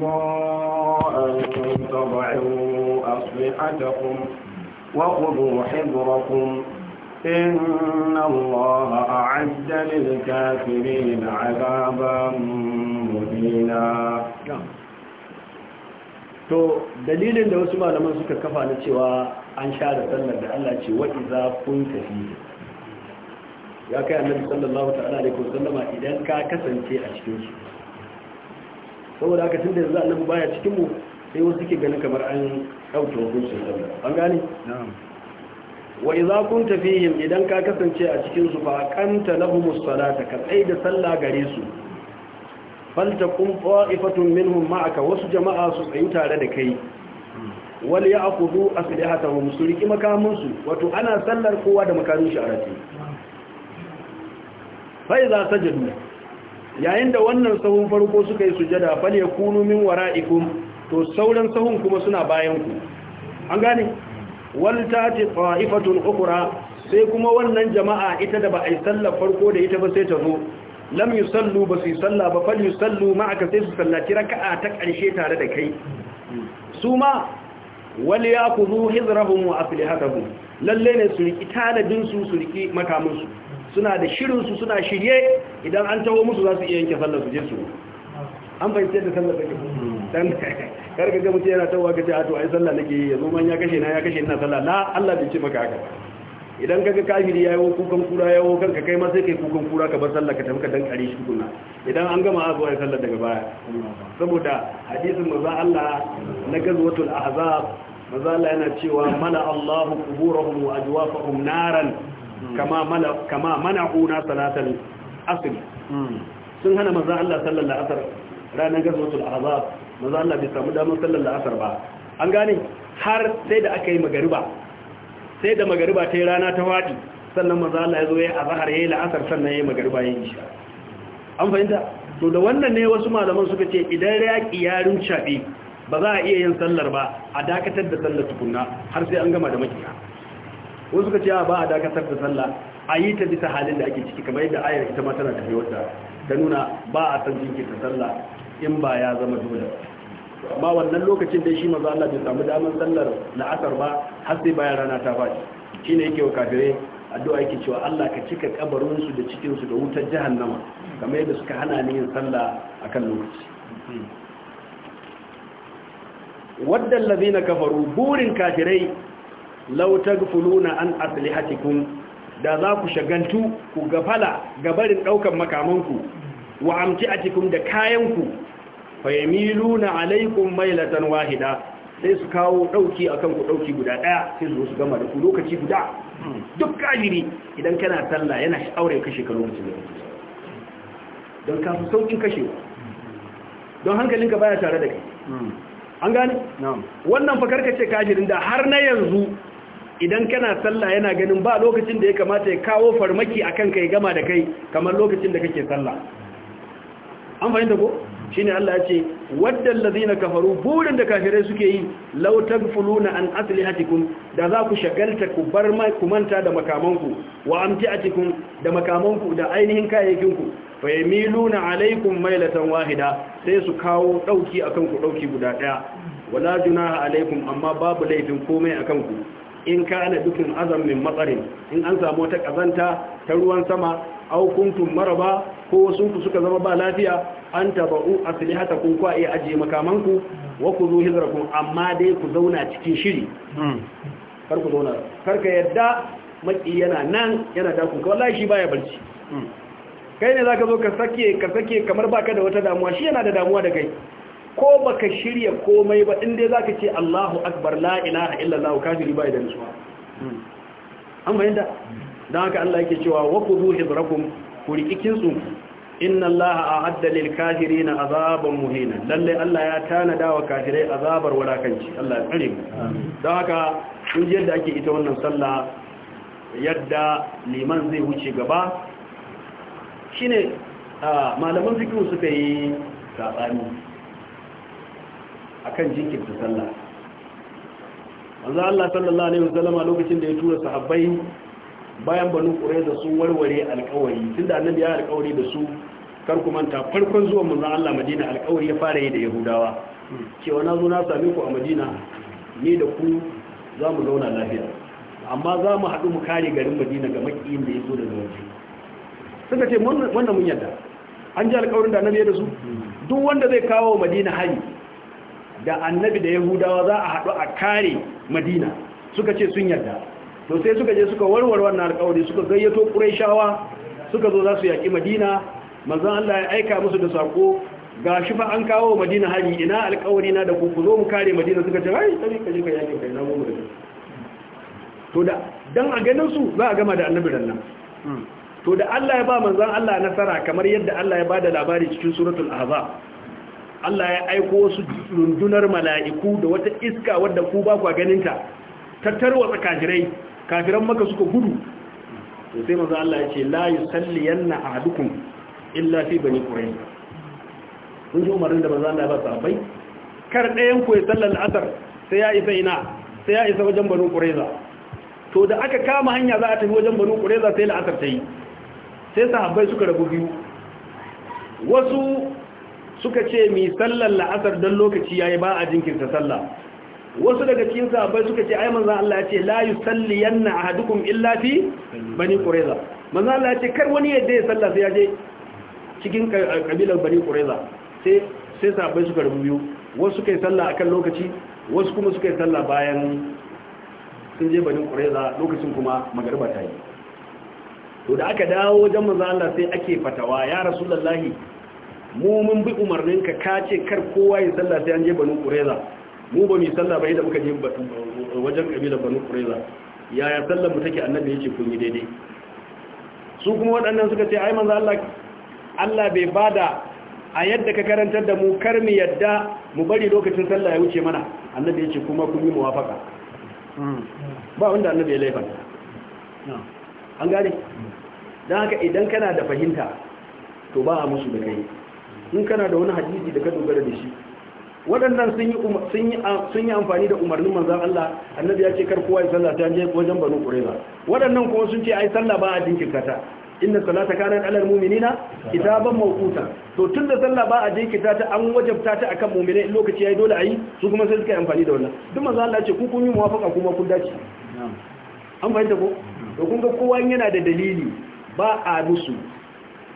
ترضى أن تضعوا أصلحتكم وخذوا حذركم إن الله أعد للكافرين عذابا مهينا to dalilin da wasu malaman suka kafa na cewa an sha da sallar da Allah ce wa iza kun tafi ya kai annabi sallallahu ta'ala alaihi wasallama idan ka kasance a cikin shi. saboda haka tun da yanzu annabi baya cikin mu sai wasu ke ganin kamar an ɗauke hukuncin sallah an gane wa idza kunta fihim idan ka kasance a cikin su fa aqanta lahumus salata ka tsai da sallah gare su faltaqum qa'ifatun minhum ma'aka wasu jama'a su tsayu tare da kai wal ya'khudhu aslihatahum su riki makamin su wato ana sallar kowa da makamin shi a rafi fa idza sajadu yayin da wannan sahun farko suka yi sujada fal yakunu min wara'ikum to sauran sahun kuma suna bayan ku an gane wal tati qa'ifatun ukhra sai kuma wannan jama'a ita da ba a sallar farko da ita ba sai ta zo lam yusallu sallu ba su salla ba fal yi sallu ma'aka sai su sallaci raka'a ta karshe tare da kai su ma wal ya ku wa afilihatahu lalle ne su riƙi tanadinsu su riki makamansu. suna da shirinsu suna shirye idan an taho musu za su iya yanke sallar su je su an fahimci da sallar take kuma karka ga mutum yana tawa ga ce a to ai sallah nake yi yanzu man ya kashe na ya kashe ina sallah la Allah bai ce maka haka idan ka ga kafiri wa kukan kura ya wa kanka kai ma sai kai kukan kura ka bar sallah ka tafi ka dan kare shi tukunna idan an gama azu ai sallah daga baya saboda hadisin maza Allah na gazwatul ahzab maza Allah yana cewa mala Allahu quburahum wa ajwafahum naran kama mana kama asiri. na hmm. sun hana maza Allah sallallahu asar wasallam ranar gazwatul azab maza Allah bai samu damar sallallahu asar ba an gane har sai da aka yi magariba sai da magariba ta yi rana ta fadi sannan maza Allah ya zo ya ya yi la'asar sannan ya yi magariba ya yi an fahimta to da wannan ne wasu malaman suka ce idan ƙi yarin shaɓe ba za a iya yin sallar ba a dakatar da sallar tukunna har sai an gama da makiya wasu suka ce a ba a dakatar da sallah a yi ta bisa halin da ake ciki kamar yadda ayar ita ma tana tafi wata ta nuna ba a san jinkirta sallah in ba ya zama dole ba wannan lokacin dai shi maza Allah bai samu damar sallar la'asar ba har sai bayan rana ta faɗi ne yake wa kafire? addu'a yake cewa Allah ka cika kabarinsu da cikinsu da wutar jahannama kamar yadda suka hana ni yin sallah akan lokaci waddan lazina kafaru burin kafirai law tagfuluna an aslihatikum da za ku shagantu ku gafala gabarin daukan makamanku wa amti'atikum da kayanku fayamiluna alaikum mailatan wahida sai su kawo dauki akan ku dauki guda daya sai su su gama da ku lokaci guda duk kajiri idan kana sallah yana aure kashe ka lokacin da don ka su saukin kashewa don hankalinka baya tare da kai hmm. an gane wannan fa ce kajirin da har na yanzu idan kana sallah yana ganin ba lokacin da ya kamata ya kawo farmaki a akan kai gama da kai kamar lokacin da kake sallah an fahimta ko shine Allah ya ce waddal lazina kafaru burin da kafirai suke yi lautar fuluna an asali hatikun da za ku shagalta ku bar mai ku da makamanku wa cikin, da makamanku da ainihin kayayyakinku ku, yamiluna alaikum mailatan wahida sai su kawo ɗauki akan ku dauki guda daya wala junaha alaikum amma babu laifin komai akan ku in ana dukkan azam min matsarin in an samu wata kazanta ta ruwan sama aukuntun kuntum maraba ko wasu ku suka zama ba lafiya an taba'u kun ku iya ajiye makamanku wa ku zo hijrakum amma dai ku zauna cikin shiri hmm. kar ku zauna kar ka yadda maki yana nan yana da ku wallahi shi baya barci hmm. kai ne zaka zo ka sake ka sake kamar baka da wata damuwa shi yana da damuwa da kai ko baka shirya komai ba inda za ka ce Allahu akbar la ilaha illallah kafiri bai da nutsuwa an da da haka Allah yake cewa wa khudhu hidrakum ku riki kinsu inna Allah a'adda lil na azaban muhina lalle Allah ya tana dawa kafirai azabar wadakanci. Allah ya tsare da haka kun ji yadda ake ita wannan sallah yadda liman zai wuce gaba shine ah, malaman fikihu suka yi sabani akan jinkirta sallah manzo Allah sallallahu alaihi wasallam lokacin da ya tura sahabbai bayan banu da sun warware alƙawari tunda annabi ya alƙawari da su kar ku manta farkon zuwan manzo Allah Madina alƙawari ya fara yi da Yahudawa cewa na zo na same ku a Madina ni da ku za mu zauna lafiya amma za mu haɗu mu kare garin Madina ga makiyin da ya zo daga waje suka ce wannan mun yarda an ji alƙawarin da annabi ya da su hmm. duk wanda zai kawo Madina hari da annabi da yahudawa za a haɗu a kare madina suka ce sun yarda to sai suka je suka warware wannan alƙawari suka gayyato ƙuraishawa suka zo za su yaƙi madina manzon Allah ya aika musu da sako ga shi fa an kawo madina hari ina alƙawari na da ku zo mu kare madina suka ce ai sai ka je ka yaƙi kai na mu da to da dan a ganin su za a gama da annabi nan hmm. to da Allah ya ba manzon Allah nasara kamar yadda Allah ya ba da labari cikin suratul ahzab Allah ya aiko wasu rundunar mala'iku da wata iska wadda ku ba kwa ganinta tattarwa kafirai kafiran maka suka gudu to sai maza Allah ya ce la a dukun illa fi bane qurayza Sun ji umarin da maza Allah ba sabai, kar ɗayan ku ya sallal asar sai ya isa ina sai ya isa wajen bani za. to da aka kama hanya za a tafi wajen bani za sai la'asar ta yi sai sahabbai suka rabu biyu wasu suka ce mi sallar la'asar don lokaci yi ba a jinkirta sallah wasu daga cikin sahabbai suka ce ai manzan Allah ya ce la yanna a hadukun illafi bani ƙureza manzan Allah ya ce kar wani yadda ya salla sai ya je cikin ƙabilar bani ƙureza sai sai sahabbai suka rubu biyu wasu suka yi a kan lokaci wasu kuma suka yi sallah bayan sun je bani ƙureza lokacin kuma magariba ta yi to da aka dawo wajen manzan Allah sai ake fatawa ya rasu lallahi mu mun bi umarnin ka ka ce kar kowa ya sallah sai an je banu kureza mu ba mu sallah ba idan muka je wajen kabilar banu kureza yaya sallar mu take annabi yace kun yi daidai su kuma waɗannan suka ce ai manzo Allah Allah bai bada a yadda ka karantar da mu kar mu yadda mu bari lokacin sallah ya wuce mana annabi yace kuma kun yi muwafaka ba wanda annabi ya laifa an gane don haka idan kana da fahimta to ba a musu da kai in kana da wani hadisi da ka dogara da shi waɗannan sun yi amfani da umarnin manzan Allah annabi ya ce kar kowa ya sallah ta je wajen banu ƙura'iza. waɗannan kuma sun ce ai sallah ba a jinkirta ta inna salata kanat alal mu'minina kitaban mawquta to tun da sallah ba a jinkirta ta an wajabta ta akan mu'minai lokaci yayi dole ayi su kuma sai suka yi amfani da wannan duk manzan Allah ya ce ku kun yi muwafaqa kuma kun dace an fahimta ko to kun ga kowa yana da dalili ba a musu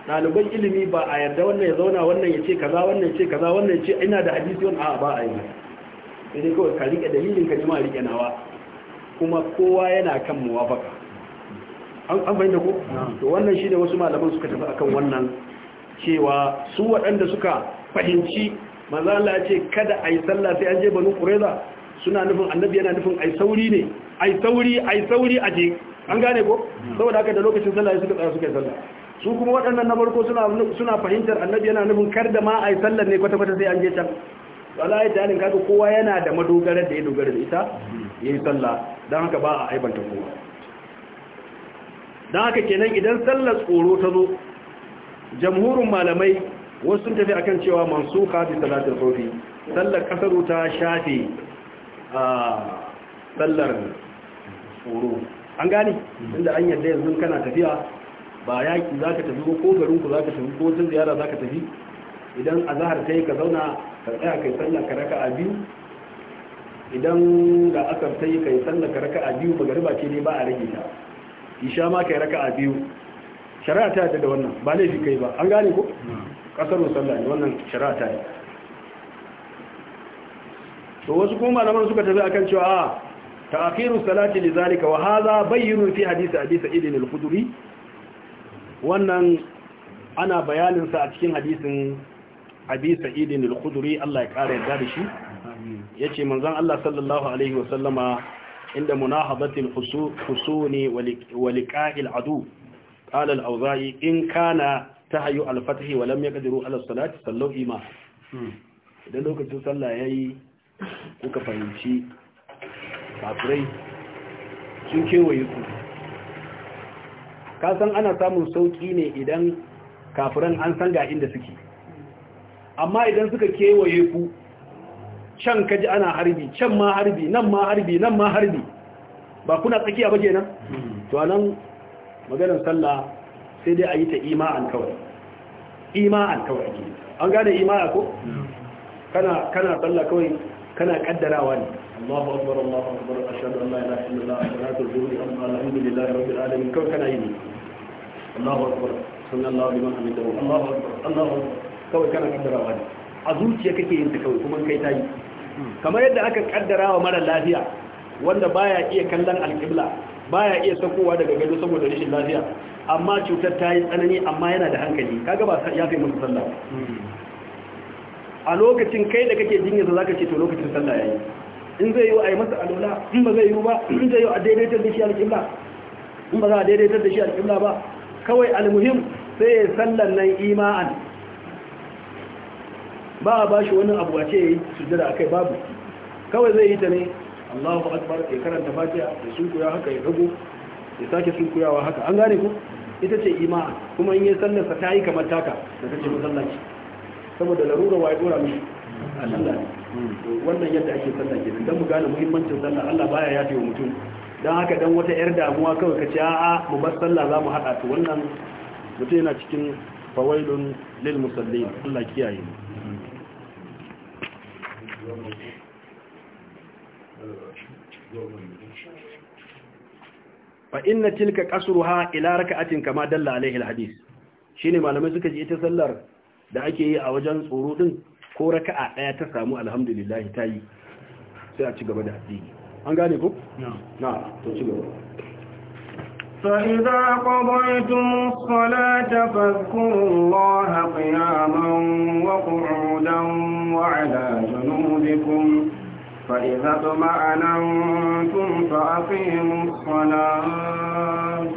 ɗaliban ilimi ba a yarda wannan ya zauna wannan ya ce kaza wannan ya ce kaza wannan ya ce ina da hadisi wani a ba a yi sai dai kawai ka riƙe dalilin ka ne riƙe nawa kuma kowa yana kan muwafaka an fahimta ko to wannan shi ne wasu malaman suka tafi akan wannan cewa su waɗanda suka fahimci maza Allah ya ce kada a yi sallah sai an je banu Kureza, suna nufin annabi yana nufin ai sauri ne ai sauri ai sauri aje an gane ko saboda haka da lokacin sallah suka tsaya suka sallah su kuma waɗannan na farko suna fahimtar annabi yana nufin kar da ma a yi sallar ne kwata-kwata sai an je can wala ya tayanin kaga kowa yana da madogarar da ya dogara da ita ya yi sallah don haka ba a aibanta kowa don haka kenan idan sallar tsoro ta zo jamhurin malamai wasu sun tafi akan cewa masu kafi salatin sofi sallar kasar ta shafe a sallar tsoro an gane inda an yadda yanzu kana tafiya ba yaki za ka tafi ko garin ku za ka tafi ko wata ziyara za ka tafi idan a zahar ta yi ka zauna ka tsaya kai sallah ka raka a biyu idan da aka ta yi kai sallah ka raka a biyu magariba ce ne ba a rage ta isha ma kai raka a biyu shari'a ta yadda da wannan ba laifi kai ba an gane ko kasar musalla ne wannan shari'a ta yi to wasu kuma malaman suka tafi akan cewa a ta'akhiru salati li zalika wa hadha bayyinu fi hadisi hadisi idin al-khudri wannan ana bayaninsa a cikin hadisin abi sa'idin al-khudri Allah ya kare yarda da shi yace manzon Allah sallallahu alaihi wasallama inda munahadati al-husuni wa adu qala al in kana ta al-fathi wa lam yaqdiru ala salati ima idan lokacin sallah yayi kuka fahimci kafirai sun kewaye su. ka san ana samun sauki ne idan kafiran an san ga inda suke amma idan suka kewaye ku can kaji ana harbi can ma harbi nan ma harbi nan ma harbi ba kuna tsakiya ba kenan mm-hmm. to anan maganar sallah sai dai a yi ta ima'an kawai ima'an kawai an gane ima'a ko mm-hmm. kana kana sallah kawai kana kaddarawa Allahu akbar Allahu akbar ashhadu an la ilaha illallah alhamdulillahi rabbil alamin kana Allahu akbar sallallahu alaihi wa sallam Allahu akbar Allahu kana a zuciya kake yin ta kawai kuma kai kamar yadda aka wa mara lafiya wanda baya iya kallon alƙibla baya iya sakowa daga gado saboda rashin lafiya amma cutar ta yi tsanani amma yana da hankali kaga ba ya fi musu sallah a lokacin kai da kake jinya za ka ce to lokacin sallah ya yi in zai yi a yi masa alola in ba zai yi ba in zai yi a daidaitar da shi alƙibla in ba za a daidaitar da shi alƙibla ba kawai almuhim sai ya sallan nan ima'an ba a ba shi wani abu a ce ya yi sujjada a kai babu kawai zai yi ta ne allahu akbar ya karanta fatiha ya sunkuya haka ya dago ya sake sunkuyawa haka an gane ku ita ce ima'an kuma in yi sallarsa ta yi kamar taka da ta ce masallaci saboda larura wa ya dora mishi Allah wannan yadda ake sallah kenan dan mu gane muhimmancin sallah Allah baya yafe wa mutum dan haka dan wata yar damuwa kawai kace a'a mu bar sallah za mu hada to wannan mutum yana cikin fawailun lil musallin Allah kiyaye mu fa inna tilka qasruha ila raka'atin kama dalla alaihi alhadith shine malamai suka ji ita sallar da ake yi a wajen tsoro din ko raka'a daya ta samu alhamdulillah ta yi sai a ci gaba da addini an gane ko na to ci gaba فإذا قضيتم الصلاة فاذكروا الله قياما وقعودا وعلى جنوبكم فإذا اطمأننتم فأقيموا الصلاة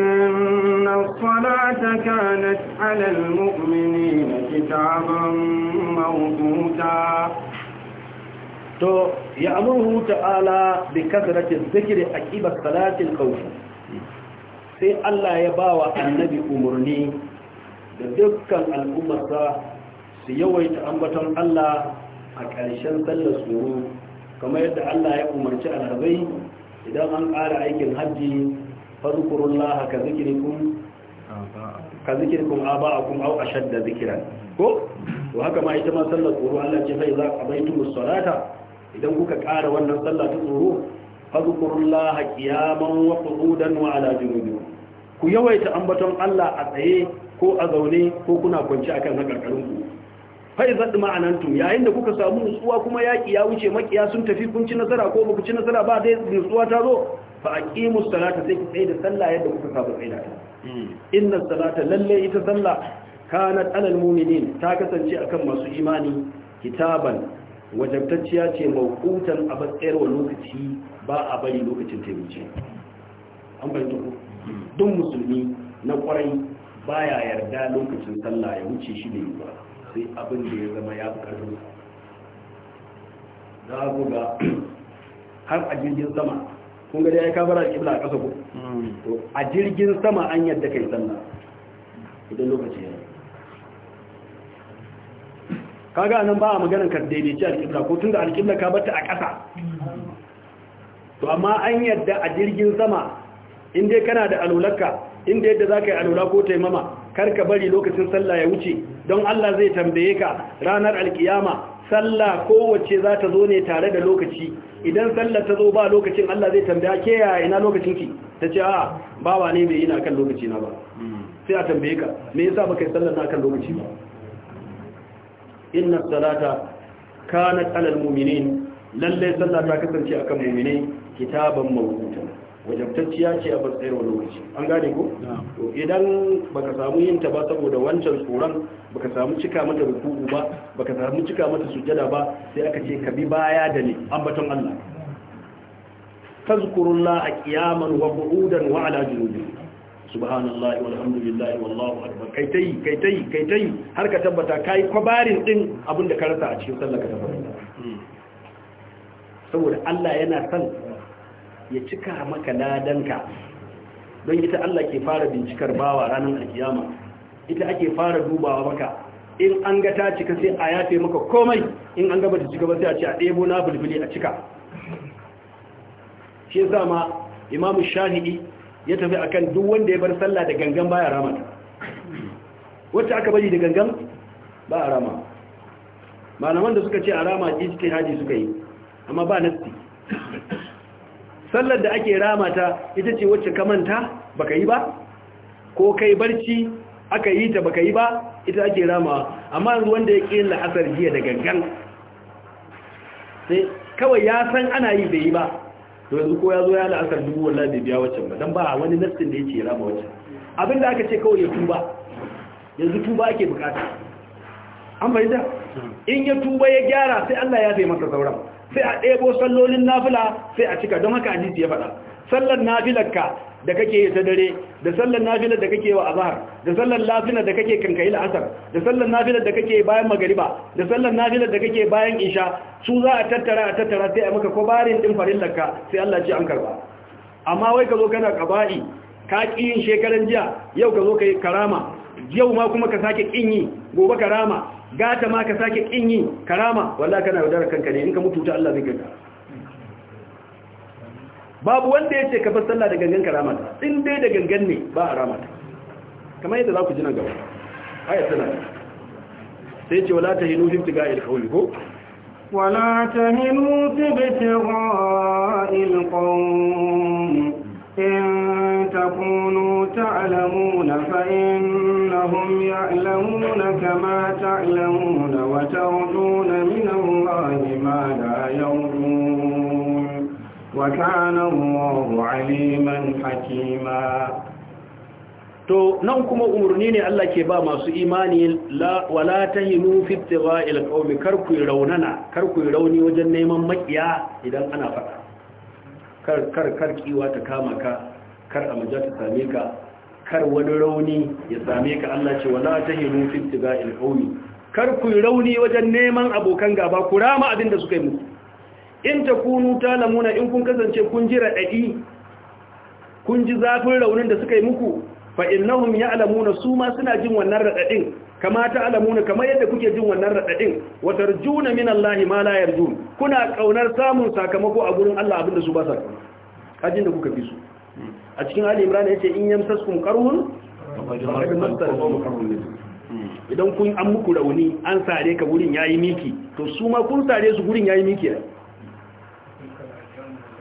إن الصلاة كانت على المؤمنين كتابا موجودا ta'ala bi kasratin zikri aqibat salatil khawf sai Allah ya bawa annabi umarni da dukkan al'ummarsa su yawaita ambaton Allah a ƙarshen sallar tsoro kamar yadda Allah ya umarci alhazai idan an ƙara aikin hajji fadhkuru allaha ka zikrikum ka zikrikum aba'akum aw ashadda zikran ko to haka ma ita ma sallar tsoro Allah ce za a bai qabaytumus salata idan kuka kara wannan sallar ta tsoro fadhkurullaha qiyaman wa qu'udan wa ala junubikum ku yawaita ambaton Allah a tsaye ko a zaune ko kuna kwanci akan hakarkarin ku fa idza ma'anantum yayin da kuka samu nutsuwa kuma yaki ya wuce makiya sun tafi kun ci nasara ko ba ku ci nasara ba dai nutsuwa ta zo fa aqimus salata sai ku tsaye da sallah yadda kuka saba tsaye da ta inna salata lalle ita sallah kana alal mu'minin ta kasance akan masu imani kitaban wajabtacciya ce mawqutan a wa lokaci ba a bari lokacin taimake an bayyana ku duk musulmi na kwarai baya yarda lokacin sallah ya wuce shi ne ba sai abin da ya zama ya fi da ku ga har a jirgin sama kun ga dai ya kabara kibla a ƙasa ko hmm. to a jirgin sama an yadda kai sallah idan lokaci ya kaga nan ba a maganar ka daidaici alƙibla ko tunda alƙibla ka bata a ƙasa to amma an yadda a jirgin sama in dai kana da alulakka in yadda za ka yi alula ko taimama kar ka bari lokacin sallah ya wuce don Allah zai tambaye ka ranar alkiyama sallah kowace za ta zo ne tare da lokaci idan sallah ta zo ba lokacin Allah zai tambaya ke ya ina lokacin ki ta ce a bawa ne mai ina kan lokaci na ba sai a tambaye ka me yasa baka yi sallah na kan lokaci ba inna salata kanat alal mu'minin lalle sallah ta kasance akan mu'minai kitaban mawqutan wajabtacciya ce a batsayar wani lokaci an gane ko to idan baka samu yin ta ba saboda wancan tsoron baka samu cika mata rukuku ba baka samu cika mata sujjada ba sai aka ce ka bi baya da ni, ambaton Allah a qiyaman wa qu'udan wa ala junubi subhanallahi walhamdulillahi wallahu akbar kai tai kai tai kai tai har ka tabbata kai kwabarin din abinda ka rasa a cikin sallar ka farko hmm. saboda Allah yana son ya cika maka ladanka don ita Allah ke fara bincikar bawa ranar alkiyama ita ake fara dubawa maka in an ga ta cika sai a yafe maka komai in an gaba ta cika ba sai a ce a ɗebo na bulbuli a cika shi yasa ma imam shahidi ya tafi akan duk wanda ya bar sallah da gangan baya ramata wacce aka bari da gangan ba a rama malaman da suka ce a rama ijtihadi suka yi amma ba nasti sallar da ake ramata ita ce wacce ka manta baka yi ba ko kai barci aka yi ta baka yi ba ita ake ramawa amma yanzu wanda ya ƙin la'asar jiya da gangan sai kawai ya san ana yi bai yi ba to yanzu ko ya zo ya la'asar dubu wallah bai biya waccan ba don ba wani nassin da ya ce rama waccan abinda aka ce kawai ya tuba yanzu tuba ake bukata an fahimta in ya tuba ya gyara sai Allah ya taimaka sauran sai a ɗebo sallolin nafila sai a cika don haka hadisi ya faɗa sallar nafilarka da kake yi ta dare da sallar nafilar da kake wa azhar da sallar nafilar da kake kankayi la'asar da sallar nafilar da kake bayan magariba da sallar nafilar da kake bayan isha su za a tattara a tattara sai a maka kwabarin din farillarka sai Allah ce an karba amma wai ka zo kana kaba'i ka ƙi yin shekaran jiya yau ka zo ka yi karama yau ma kuma ka sake kin yi gobe ka rama gata ma ka sake kin yi ka wallahi kana yaudar kanka ne in ka mutu ta Allah zai kanka babu wanda ya ce ka bar sallah da gangan ka din dai da gangan ne ba a kamar yadda za ku ji nan gaba ayat tana sai ce wala tahinu fi ibtiga'il qawli ko wala tahinu fi ibtiga'il qawmi إن تكونوا تعلمون فإنهم يعلمون كما تعلمون وترجون من الله ما لا يرجون وكان الله عليما حكيما to nan kuma umarni ne Allah ke ba masu imani wala ta yi nufi tiba ilkaumi karku raunana karku rauni wajen neman makiya idan ana faɗa kar kar kiwa ta kama ka kar amaja ta same ka kar wani rauni ya same ka Allah ce wala tahinu fi tibail qawmi kar ku rauni wajen neman abokan gaba ku rama abin da suka yi muku in ta ta talamuna in kun kasance kun jira raɗaɗi, kun ji zafin raunin da suka yi muku fa innahum ya'lamuna su ma suna jin wannan radadin kama ta'lamuna kama yadda kuke jin wannan radadin wa tarjuna min Allahi ma la yarjun kuna kaunar samun sakamako a gurin Allah abinda su ba sa kajin da kuka fi su a cikin Ali Imran yace in yamsaskum qarhun idan kun an muku rauni an sare ka gurin yayi miki to su ma kun sare su gurin yayi miki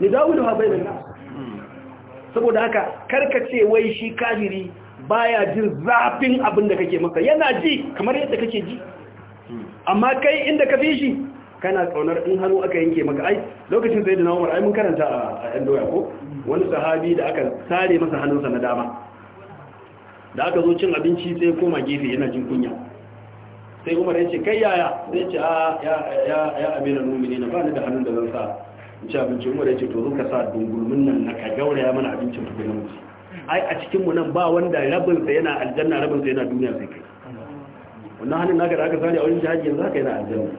ne dawo da habainan saboda haka karkace wai shi kafiri baya jin zafin abin da kake masa yana ji kamar yadda kake ji amma kai inda ka fi shi kana kaunar in hannu aka yanke maka ai lokacin sai da na umar ai mun karanta a yan doya ko wani sahabi da aka sare masa hannunsa na dama da aka zo cin abinci sai koma gefe yana jin kunya sai umar ya ce kai yaya Zai ce a ah, ya amina numini na ba ni da hannun da zan sa in ce abincin mu da ce to zo ka sa dungulmin nan na ka gauraya mana abincin mu na musu ai a cikin mu nan ba wanda rabin sa yana aljanna rabin sa yana duniya sai kai wannan hannun naka da aka sani a wajen jihadi yanzu haka yana aljanna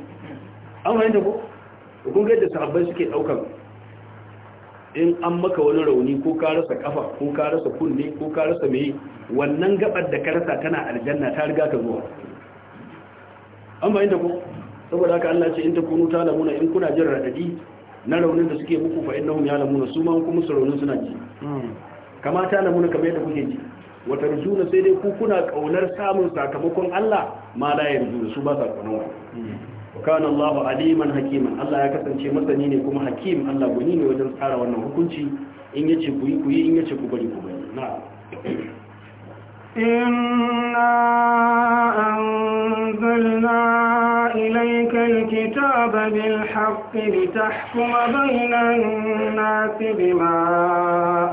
an fahimta ko kun ga yadda sahabbai suke daukan in an maka wani rauni ko ka rasa kafa ko ka rasa kunne ko ka rasa meye wannan gabar da ka rasa tana aljanna ta riga ka zuwa an fahimta da ku saboda haka Allah ce in ta kunu ta lamuna in kuna jin radadi na raunin da suke muku fa innahum ya'lamuna su ma kuma su raunin suna ji hmm. kama ta lamuna kamar yadda kuke ji Wata rujuna, sai dai ku kuna kaunar samun sakamakon Allah ma la yarju su ba sakamakon hmm. wa kana Allah aliman hakiman Allah ya kasance masani ne kuma hakim Allah guni ne wajen tsara wannan hukunci in yace ku yi ku in yace ku bari ku bari الكتاب بالحق لتحكم بين الناس بما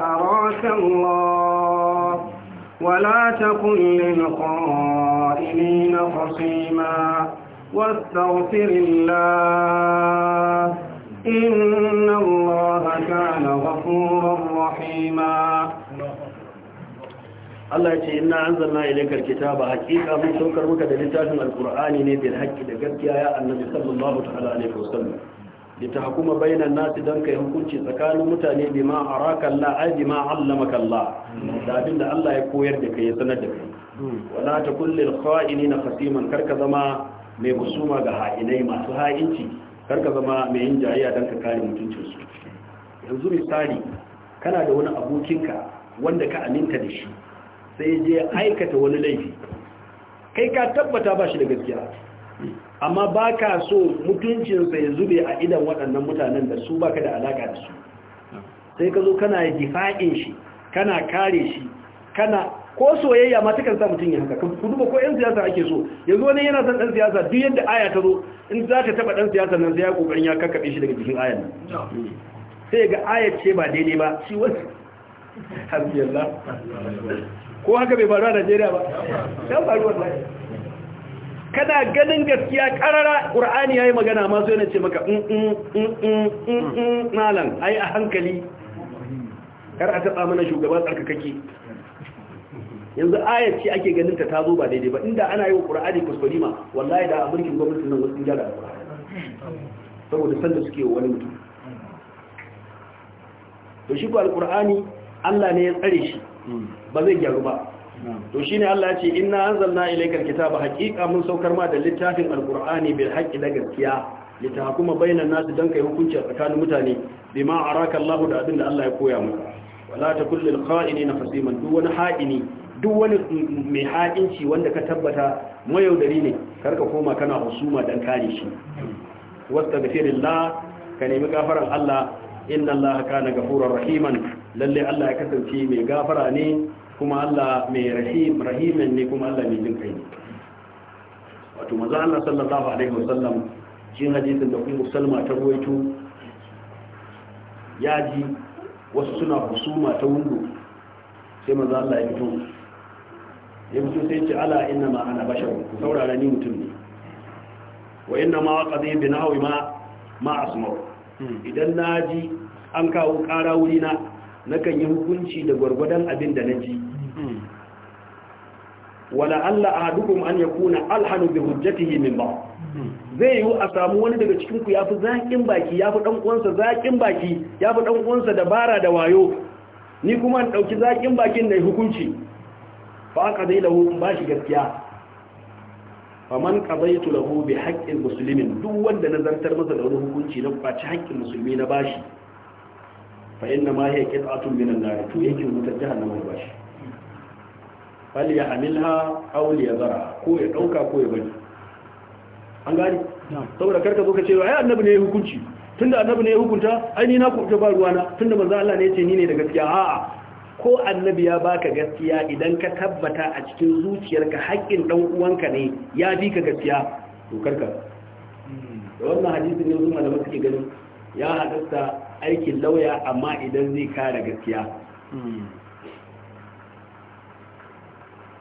أراك الله ولا تكن للخائنين خصيما واستغفر الله إن الله كان غفورا رحيما Allah ya ce inna anzalna ilaykal kitaba haqiqa mun saukar muka da littafin alqur'ani ne bil haqqi da gaskiya ya annabi sallallahu ta'ala alaihi wasallam li tahkuma bainan nas dan kai hukunci tsakanin mutane bima araka Allah bima allamaka Allah da abinda Allah ya koyar da kai ya sanar da kai wala takul lil kha'inina khasiman karka zama mai husuma ga ha'inai masu ha'inci karka zama mai yin jayayya dan ka kare mutuncinsu yanzu misali kana da wani abokinka wanda ka aminta da shi sai je aikata wani laifi kai ka tabbata ba shi da gaskiya amma ba ka so mutuncinsa ya zube a idan waɗannan mutanen da su baka da alaƙa da su sai ka zo kana difa'in shi kana kare shi kana ko soyayya ma takan sa mutum ya haka ku duba ko 'yan siyasa ake so yanzu wani yana son ɗan siyasa duk yadda aya ta zo in za ta taba ɗan siyasa nan sai ya ƙoƙarin ya kakkabe shi daga jikin ayan nan sai ga ayat ce ba daidai ba shi wasu hasbiyallah ko haka bai faru a najeriya ba dan faru wallahi kana ganin gaskiya karara ƙur'ani ya yi magana so yana ce maka mm, mm, mm, malam ai a hankali kar a taɓa mana shugaba tsarkakake yanzu ayar ake ganin ta tazo ba daidai ba inda ana yi wa ƙur'ani kuskure wallahi da a mulkin gwamnatin nan wasu gyara saboda sanda suke wa wani mutum to shi ko alƙur'ani Allah ne ya tsare shi ba zai gyaru ba to shine Allah ya ce inna anzalna ilaykal kitaba haqiqa mun saukar ma da littafin alqur'ani bil haqqi da gaskiya litahkuma bainan nas dan kai hukunci tsakanin mutane bima araka Allah da abin Allah ya koya maka wala takul lil kha'inina khasiman duk wani ha'ini duk wani mai ha'inci wanda ka tabbata mayaudari ne karka koma kana husuma dan kare shi wasta gafirillah ka nemi gafaran Allah inna Allah kana gafurar rahiman lalle Allah ya kasance mai gafara ne kuma Allah mai rahim rahimin ne kuma Allah mai jin kai ne wato manzo Allah sallallahu alaihi wasallam shi hadisin da Ummu Salma ta ruwaito ya ji wasu suna husuma ta wundo sai manzo Allah ya fito ya fito sai ce ala inna ma ana bashar ku saurara ni mutum ne wa inna ma qadi bi nahwi ma ma asma'u hmm. idan naji an kawo ƙara wuri na nakan yi hukunci da gwargwadon abin da na ji wala haɗu ahadukum an ya yakuna alhanu bi hujjatihi min ba zai yi a samu wani daga cikin ku yafi zakin baki yafi dan uwansa zakin baki yafi dan uwansa dabara da wayo ni kuma in ɗauki zakin bakin da hukunci fa aka dai lahu ba bashi gaskiya faman qadaytu lahu bi haƙƙin muslimin duk wanda nazartar masa da wani hukunci na kwaci haƙƙin musulmi na bashi fa inna ma hiya qit'atun min an-nar to yake wutar jahannama ba shi fal ya amilha aw li ko ya dauka ko ya bari an gani saboda karka zo ka ce ai annabi ne ya hukunci tunda annabi ne ya hukunta ai ni na kuɓuta ba ruwana tunda manzo Allah ne ya ce ni ne da gaskiya a'a ko annabi ya baka gaskiya idan ka tabbata a cikin zuciyarka haƙƙin dan uwanka ne ya bi ka gaskiya to karka hmm. da wannan hadisin ne zuma da suke ganin ya hadasta aikin lauya amma idan zai kare gaskiya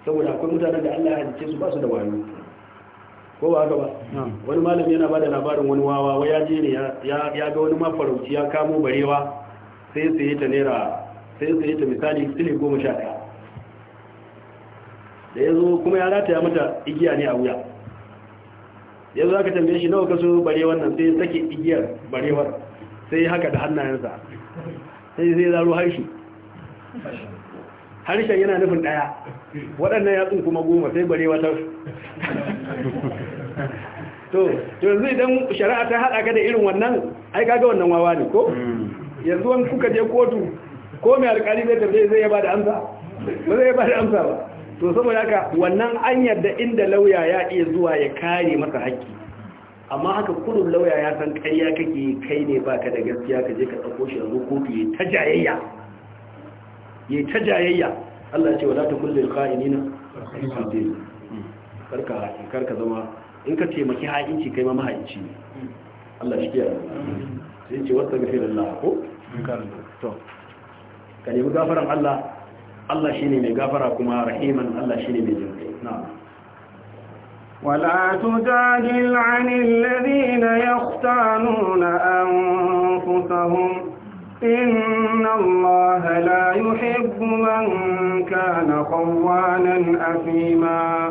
saboda akwai mutanen da Allah ya halice su ba su da wayo ko ba haka ba wani malami yana ba da labarin wani wawa wai ya je ne ya ga wani mafarauci ya kamo barewa sai sai ta naira sai sai ta misali sile goma sha ɗaya da ya zo kuma ya rataya mata igiya ne a wuya yanzu aka tambaye shi nawa kaso barewar nan sai sake igiyar barewar sai yi haka da hannayensa sai zai zaro harshe harshen yana nufin ɗaya waɗannan yatsun kuma goma sai bare wata to yanzu idan shari'a ta haɗa ka da irin wannan ai kaga wannan wawa ne ko yanzu wani kuka je kotu ko mai alƙali zai tafi zai yaba da amsa ba zai yaba da amsa ba to saboda haka wannan an yadda inda lauya ya iya zuwa ya kare masa haƙƙi amma haka kunun lauya ya san ƙarya kake kai ne ba ka da gaskiya ka je ka ɗauko shi a kotu ya ta jayayya ya ta jayayya Allah ya ce wala ta kulle ka'ini na karka karka zama in ka ce maki ha'inci kai ma mahaici ne Allah shi kiyar sai ce da Allah ko to ka nemi gafaran Allah Allah shine mai gafara kuma rahiman Allah shine mai jinkai na'am ولا تجادل عن الذين يختانون أنفسهم إن الله لا يحب من كان خوانا أثيما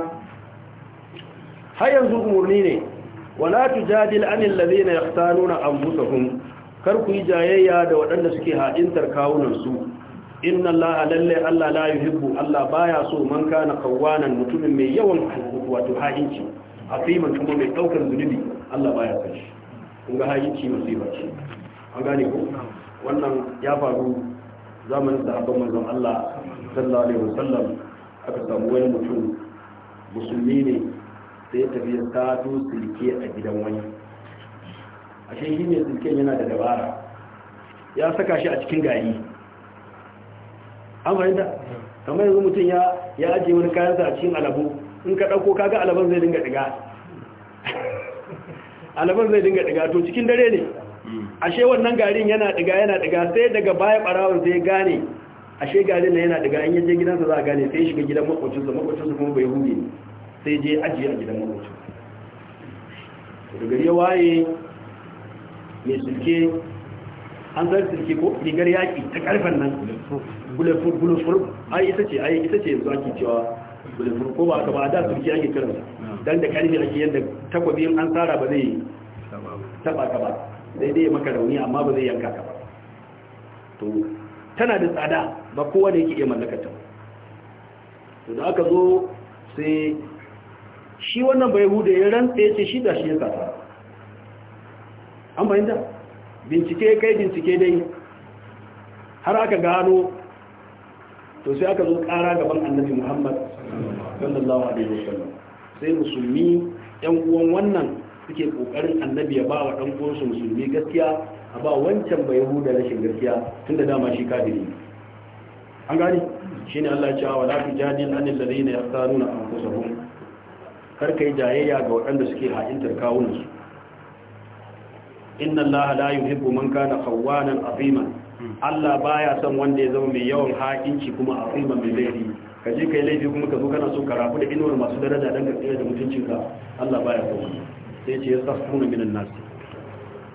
هيا زمرني ولا تجادل عن الذين يختانون أنفسهم karku yi jayayya da waɗanda suke ha'intar kawunansu inna allaha lalle allah la yuhibbu allah baya so man kana qawwanan mutumin mai yawan wato ha'inci fiman kuma mai daukar zunubi allah baya son shi kun ga ha'inci musiba bace an gane ko wannan ya faru zamanin da abban manzon allah sallallahu alaihi wasallam aka samu wani mutum musulmi ne sai ya tafi ta sato silke a gidan wani ashe shi ne silken yana da dabara ya saka shi a cikin gari an fahimta kamar yanzu mutum ya ya ajiye wani kayan kayansa a cikin alabu in ka ɗauko kaga alaban zai dinga ɗiga alaban zai dinga ɗiga to cikin dare ne ashe wannan garin yana ɗiga yana ɗiga sai daga baya ɓarawar zai gane ashe garin na yana ɗiga in yaje gidansa za a gane sai shiga gidan makwacinsa makwacinsa kuma bai hude sai je ajiye a gidan makwacin da gari ya waye mai sulke an zai sulke ko rigar yaƙi ta ƙarfen nan bulefur ai ita ce ai ita ce yanzu ake cewa bulefur ko ba ka ba da turki ake kiransa dan da karfi ake yadda takwabi an tsara ba zai taba ka ba daidai maka rauni amma ba zai yanka ka ba to tana da tsada ba kowa da yake iya mallakar ta to da aka zo sai shi wannan bai hude ya rantsa ya ce shi da shi ya sata an bayyana bincike kai bincike dai har aka gano to sai aka zo kara gaban annabi muhammad sallallahu alaihi wasallam sai musulmi yan uwan wannan suke kokarin annabi ya ba wa dan uwansu musulmi gaskiya a ba wancan bai yahuda rashin gaskiya tunda dama shi kafiri an gane shine Allah ya ce wa la tujadil anil ladina yaqtaruna anfusahum kar kai jayayya ga waɗanda suke ha'intar kawunansu inna allaha la yuhibbu man kana khawanan Allah baya son wanda ya zama mai yawan haƙinci kuma a kulman mai laifi ka je kai laifi kuma ka zo kana so ka da inuwar masu daraja don ka da da mutuncinka Allah baya son wani sai ce ya yastaghfiruna minan nasi. minan nas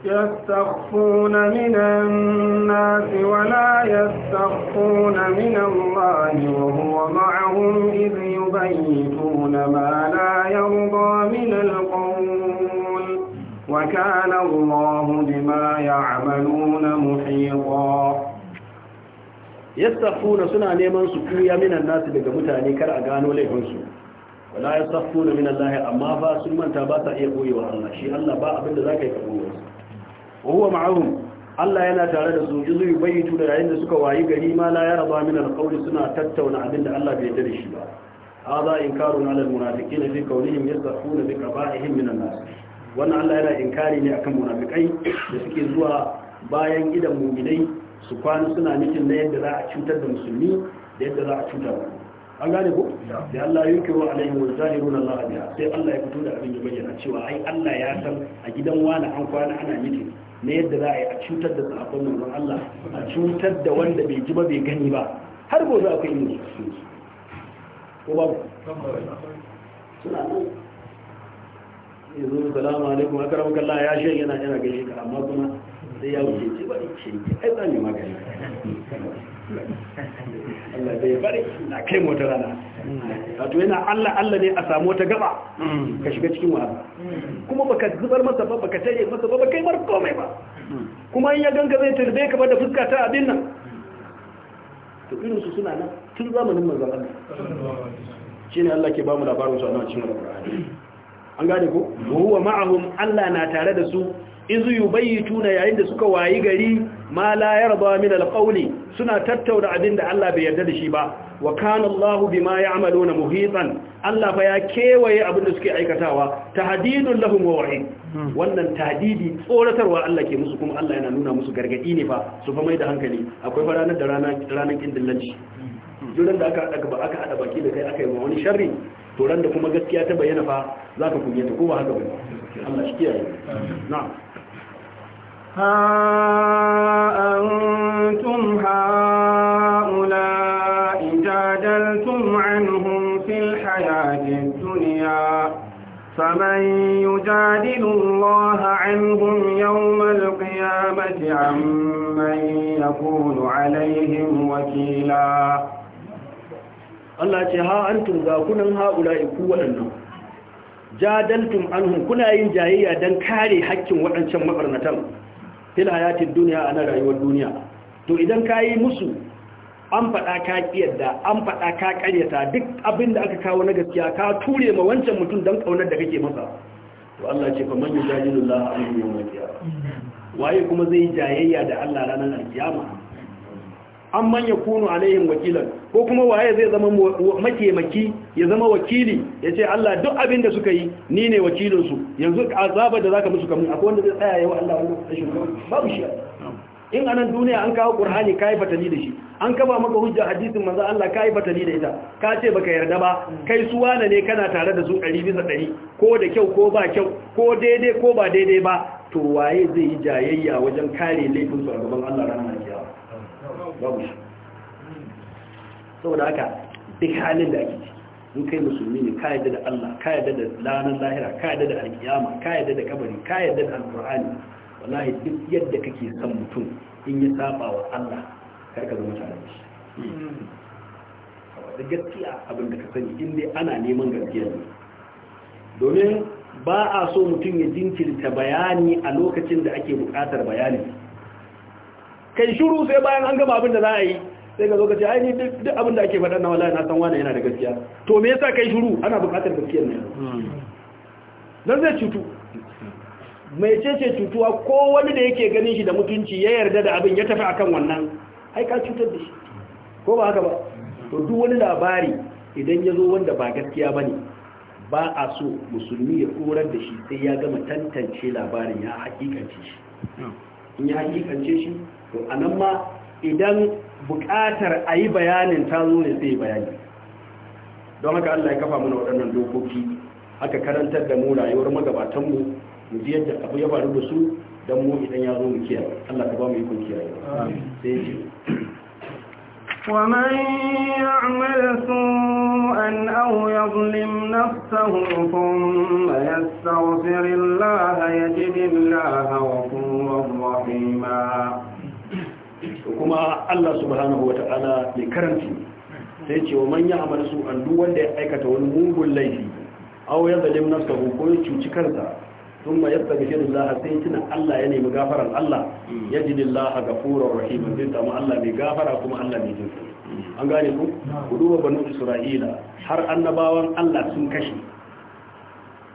يستخفون من الناس ولا يستخفون من izi وهو معهم إذ ma na لا يرضى minan القوم وكان الله بما يعملون محيطا yastaghfuna suna neman su kuya minan nasu daga mutane kar a gano laifinsu wala yastaghfuna min Allah amma fa sun manta ba sa iya koyewa Allah shi Allah ba yi ka Allah yana tare da su izu yubayitu da yayin da suka wayi gari ma la yarda min alqawli suna tattauna abin da Allah bai yarda da shi ba hadha inkarun ala almunafiqina fi qawlihim yastaghfuna bi qaba'ihim min an-nas wannan Allah yana inkari ne akan munafikai da suke zuwa bayan idan mu'minai su kwana suna nufin na yadda za a cutar da musulmi da yadda za a cutar da an gane ko da Allah ya yunkiru alaihi wa zahiruna Allah biha sai Allah ya fito da abin ya bayyana cewa ai Allah ya san a gidan wani an kwana ana nufin na yadda za a yi a cutar da sahabban nan Allah a cutar da wanda bai ji ba bai gani ba har gobe akwai yin su ko babu suna nan yanzu salamu alaikum aka kalla ya shi yana yana gaishe ka amma kuma sai ya wuce ce bari ce ai tsami magani Allah bai bari na kai mota rana wato yana Allah Allah ne a samu ta gaba ka shiga cikin wahala kuma baka zubar masa ba baka tare masa ba baka mar komai ba kuma in ya ganga zai tarbe ka da fuska ta abin nan to irin su suna nan tun zamanin manzon Allah shine Allah ke ba mu labarin su a cikin qurani an gane ko huwa ma'ahum Allah na tare da su izu yubayituna yayin da suka wayi gari ma la yarda min alqawli suna tattauna abin da Allah bai yarda da shi ba wa kana ya bima ya'maluna muhitan Allah fa ya kewaye abin da suke aikatawa tahdidun lahum wa wa'id wannan tahdidi tsoratarwa Allah ke musu kuma Allah yana nuna musu gargadi ne fa su fa mai da hankali akwai fa ranar da ranar ranar kindillanci juran da aka aka aka hada baki da kai aka yi wani sharri to ran da kuma gaskiya ta bayyana fa za ka kunye ta ko ba haka bane Allah shi kiyaye na'am ha antum haula ijadaltum anhum fil hayatid dunya فمن يجادل الله عنهم يوم القيامة عمن يكون عليهم وكيلاً Allah ce ha antum ga kunan haula iku waɗannan jadaltum anhum kuna yin jayayya dan kare haƙƙin waɗancan mabarnatan fil hayatid dunya ana rayuwar duniya to idan kai musu an faɗa ka kiyarda an faɗa ka ƙaryata duk abin da aka kawo na gaskiya ka ture ma wancan mutum dan kaunar da kake masa to Allah ce fa man yujadilullah alayhi yawm al-qiyamah waye kuma zai jayayya da Allah ranar al an manya kunu alaihim wakilan ko kuma waye zai zama makemaki ya zama wakili ya ce Allah duk abin da suka yi ni ne wakilinsu yanzu azaba da zaka musu kamun akwai wanda zai tsaya yawa Allah wanda Ba babu shi in anan duniya an kawo qur'ani kai batali da shi an kaba maka hujja hadisin manzo Allah kai batali da ita ka ce baka yarda ba kai su wane ne kana tare da su 100 bisa 100 ko da kyau ko ba kyau ko daidai ko ba daidai ba to waye zai yi jayayya wajen kare laifin su a gaban Allah ranar kiyama babu shi saboda haka duk halin da ake ci in kai musulmi ne ka yadda da Allah ka yadda da lanar lahira ka yadda da alkiyama ka yadda da kabari ka yadda da alkur'ani wallahi duk yadda kake son mutum in ya saba wa Allah karka zama tare da shi da gaskiya abin da ka sani in dai ana neman gaskiya ne domin ba a so mutum ya jinkirta bayani a lokacin da ake bukatar bayani kai shiru sai bayan an gama abin da za a yi sai ga zo ce ai ni duk abin da ake faɗa na wallahi na san wani yana da gaskiya to me yasa kai shuru ana buƙatar gaskiyar ne dan zai cutu mai ce cutuwa ko wani da yake ganin shi da mutunci ya yarda da abin ya tafi akan wannan ai ka cutar da shi ko ba haka ba to duk wani labari idan ya zo wanda ba gaskiya ba ne ba a so musulmi ya korar da shi sai ya gama tantance labarin ya hakikance shi hmm. in ya hakikance shi to anan ma idan buƙatar a yi bayanin ta zo ne sai bayani don haka Allah ya kafa mana waɗannan dokoki haka karantar da mu rayuwar magabatanmu mu ji yadda abu ya faru da su don mu idan ya zo mu kiyaye Allah ka ba mu ikon kiyaye sai ji ومن يعمل سوءا أو يظلم نفسه ثم يستغفر الله يجد الله غفورا رحيما kuma Allah subhanahu wa ta'ala mai karanci sai ce manya a su an wanda ya aikata wani mugun laifi aw ya zalim nafsahu ko ya cuci kansa thumma yastaghfirullah sai tuna Allah ya nemi gafarar Allah yajidillah ghafurur rahim zai samu Allah mai gafara kuma Allah mai jinsi an gane ku ku duba banu isra'ila har annabawan Allah sun kashe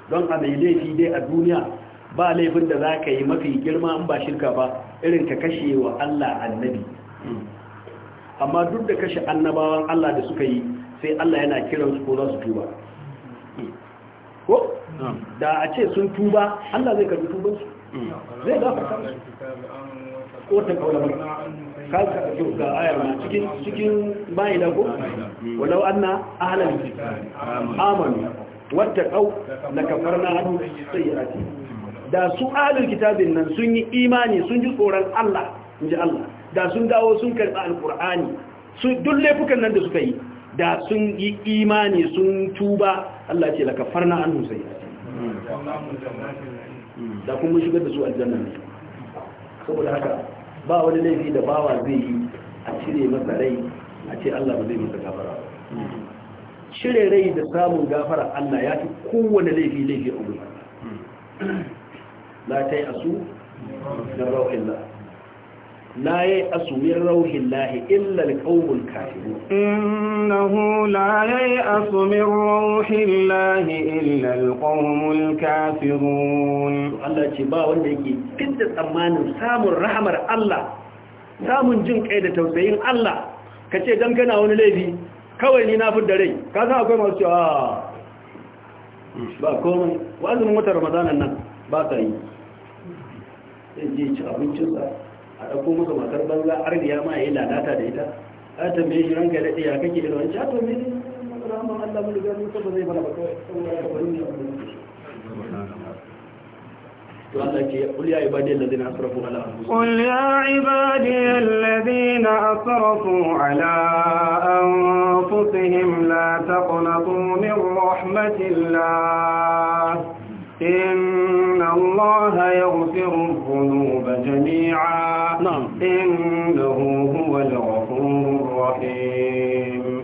don a mai laifi dai a duniya ba laifin da za ka yi mafi girma in ba shirka ba irin ka kashe wa Allah annabi amma duk da kashe annabawan Allah da suka yi sai Allah yana kiran su ko za su tuba ko da a ce sun tuba Allah zai karbi tuban su zai gafarta ko ta kaula ba ka ga ayar ma cikin cikin da ko walau anna ahlan amanu wattaqau lakafarna anhum sayyi'atihim da su alul kitabin nan sun yi imani sun ji tsoron Allah inji Allah da sun dawo sun karɓi alkur'ani su duk laifukan nan da suka yi da sun yi imani sun tuba Allah ce laka farna an husai da kuma shigar da su aljanna ne saboda haka ba wani laifi da bawa zai yi a cire masa rai a ce Allah ba zai masa gafara cire rai da samun gafara Allah ya fi kowane laifi laifi a gudu la ta yi asu na rauhin la la yi asu min rauhin lahi illa alƙawun kafiru innahu la yi asu min rauhin lahi illa alƙawun kafiru Allah ce ba wanda yake fitta tsammanin samun rahamar Allah samun jin kai da tausayin Allah ka ce don gana wani laifi kawai ni na fi rai ka san akwai masu cewa ba komai azumin wata ramadanan nan ba ta yi zai je ci abincinsa a ɗauko masa matar banza arziya ma ya yi lalata da ita a tambaye shi ranka daɗe ya kake da wani cato ne ne rahman Allah mu riga mun saba zai bana ba kawai saboda ka bari ne to Allah ke qul ya ibadi alladhina asrafu ala anfusihim qul ya ibadi alladhina asrafu ala anfusihim la taqnatu min rahmatillah إن الله يغفر الذنوب جميعا نعم إنه هو الغفور الرحيم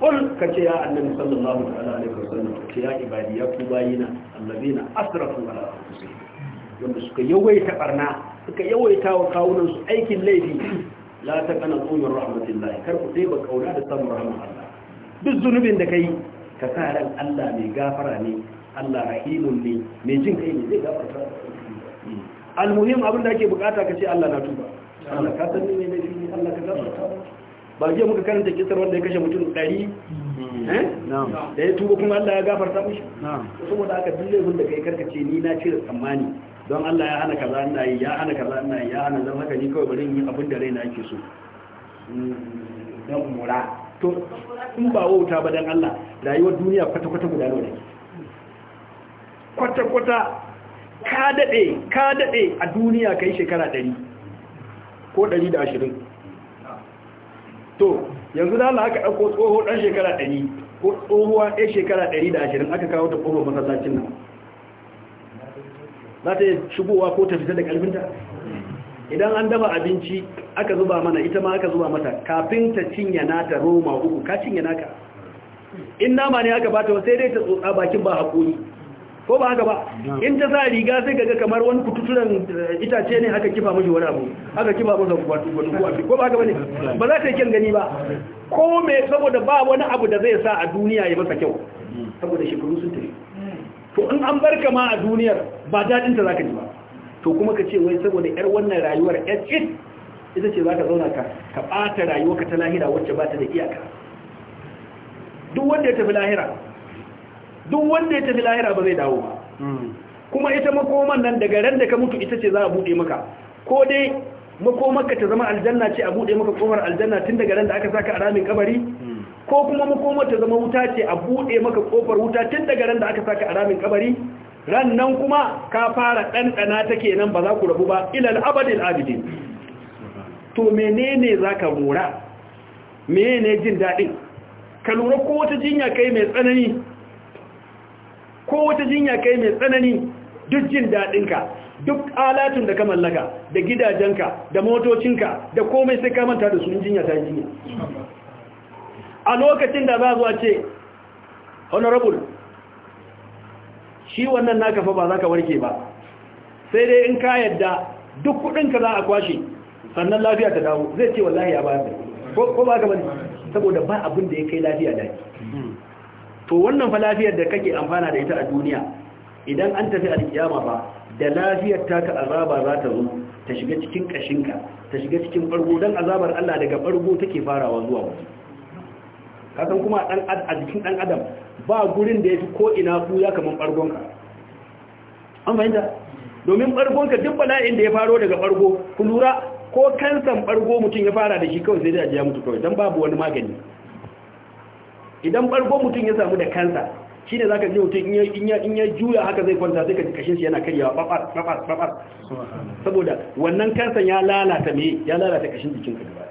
قل كتي يا صلى الله عليه وسلم يا عبادي يا الذين أسرفوا على أنفسهم wanda suka yawaita barna suka yawaita wa kawunan su aikin laifi la ta kana tsomin rahmatullahi kar ku ba kauna da samun rahmar Allah duk zunubin da kai ka sa ran Allah mai gafara ne Allah rahimun ne mai jin kai ne zai gafarta almuhim abin da ake bukata ka ce Allah na tuba Allah ka san ne ne Allah ka gafarta ba je muka karanta kisar wanda ya kashe mutum 100 hmm. eh da ya tuba kuma Allah ya gafarta mishi saboda haka duk laifin da kai karkace ni na cire tsammani don Allah ya hana kaza ina yi ya hana kaza ina yi ya hana zan haka ni kawai bari in yi abin da raina yake so hmm. dan mura to in ba wauta ba dan Allah rayuwar duniya kwata-kwata guda nawa ne kwata-kwata ka daɗe ka daɗe a duniya ka yi shekara ɗari ko ɗari da ashirin to yanzu da Allah aka ɗauko tsoho ɗan shekara ɗari ko tsohuwa ɗaya shekara ɗari da ashirin aka kawo ta ƙofar masasacin nan za ta yi shigowa ko ta fita da ƙarfinta idan an dama abinci aka zuba mana ita ma aka zuba mata kafin ta cinye nata roma uku ka cinye naka in nama ne aka bata sai dai ta tsotsa bakin ba haƙuri ko ba haka ba in ta sa riga sai kaga kamar wani kututuran eh, itace ne haka kifa mashi wani abu haka kifa masa wani abu ko ba haka bane ba za ta yi kyan gani ba ko me saboda ba wani abu da zai sa a duniya ya masa kyau saboda shekaru sun tafi to in an bar kama a duniyar ba dadin ta zaka ji ba to kuma ka ce wai saboda yar wannan rayuwar yar it ita ce zaka zauna ka ka rayuwa rayuwarka ta lahira wacce ba ta da iyaka duk wanda ya tafi lahira duk wanda ya tafi lahira ba zai dawo ba kuma ita makoman nan daga ran da ka mutu ita ce za a bude maka ko dai ka ta zama aljanna ce a bude maka kofar aljanna tun daga ran da aka saka a ramin kabari ko kuma makomar ta zama wuta ce a bude maka kofar wuta tun daga ran da aka saka a ramin kabari ran nan kuma ka fara ɗanɗana ta nan ba za ku rabu ba ilal abadin abidin to menene za ka mora menene jin daɗin ka lura ko wata jinya kai mai tsanani ko wata jinya kai mai tsanani duk jin daɗinka duk alatun da ka mallaka da gidajenka da motocinka da komai sai ka manta da sun jinya ta jinya a lokacin da za zuwa ce honorable shi wannan na kafa ba za ka warke ba sai dai in ka yadda duk kudinka za a kwashe sannan lafiya ta dawo zai ce wallahi a ba ko ba ka bane saboda ba abin da ya kai lafiya daji to wannan fa lafiyar da kake amfana da ita a duniya idan an tafi alkiyama ba da lafiyar taka azaba za ta zo ta shiga cikin kashinka ta shiga cikin bargo dan azabar Allah daga bargo take farawa zuwa ku. kasan kuma dan a jikin dan adam ba gurin da yafi ko ina ya kaman ɓargonka. an fahimta domin ɓargonka duk bala'in da ya faro daga bargo ku lura ko kansan bargo mutum ya fara da shi kawai sai da ya mutu kawai dan babu wani magani idan ɓargo mutum ya samu da kansa shi ne za ka ji mutum in ya juya haka zai kwanta zai ka ji kashin shi yana karyawa babas babas babas saboda wannan kansa ya lalata me ya lalata kashin jikinka gaba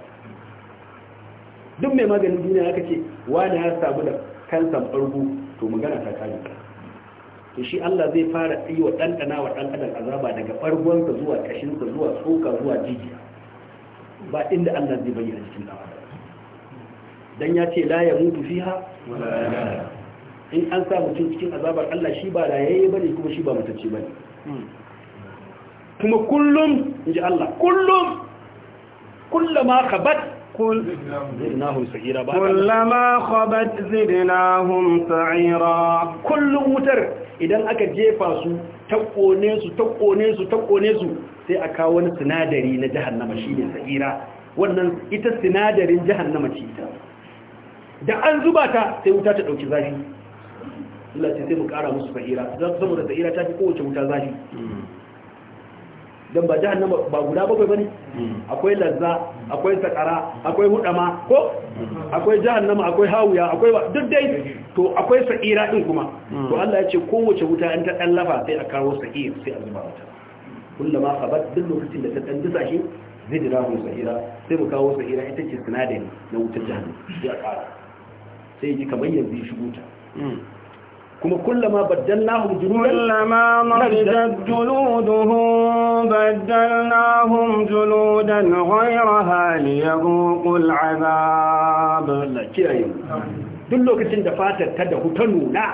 duk mai maganin duniya aka ce wani ya samu da kansa bargo to magana ta kare to shi Allah zai fara yi wa ɗanɗana wa ɗanɗanar azaba daga ɓargonsa zuwa kashinsa zuwa tsoka zuwa jiki. ba inda Allah zai bayyana cikin ɗan dan ya ce la ya mutu fiha in an sa mutum cikin azabar Allah shi ba ba ne, kuma shi ba mutacce ne. Hmm. kuma kullum in inji Allah kullum kullama khabat قل زدناهم سعيرا كلما خبت زدناهم سعيرا كل متر idan aka jefa su ta su ta su ta su sai aka wani sinadari na jahannama shine sa'ira wannan ita sinadarin jahannama ce ta da an zuba ta sai wuta ta ɗauki zafi Allah ce sai mu ƙara musu fa'ira. za su saboda fa'ira ta fi kowace wuta zafi dan ba jahannama ba guda bakwai bane akwai lazza akwai sakara akwai hudama ko akwai jahannama akwai hawuya akwai duk dai to akwai sa'ira din kuma to Allah ya ce kowace wuta an ta dan lafa sai a kawo sa'ir sai a zuba wata kullama khabat duk lokacin da ta dan dusa shi zai jira mu sa'ira sai mu kawo sa'ira ita ce sinadari na wutar jahannama a kara sai ji kamar yanzu ya shigo ta hmm. kuma kullama baddalnahum juludan kullama maridat juluduhum baddalnahum juludan ghayraha liyazuqul azab Allah kiyaye duk lokacin da fatar ta da ta nuna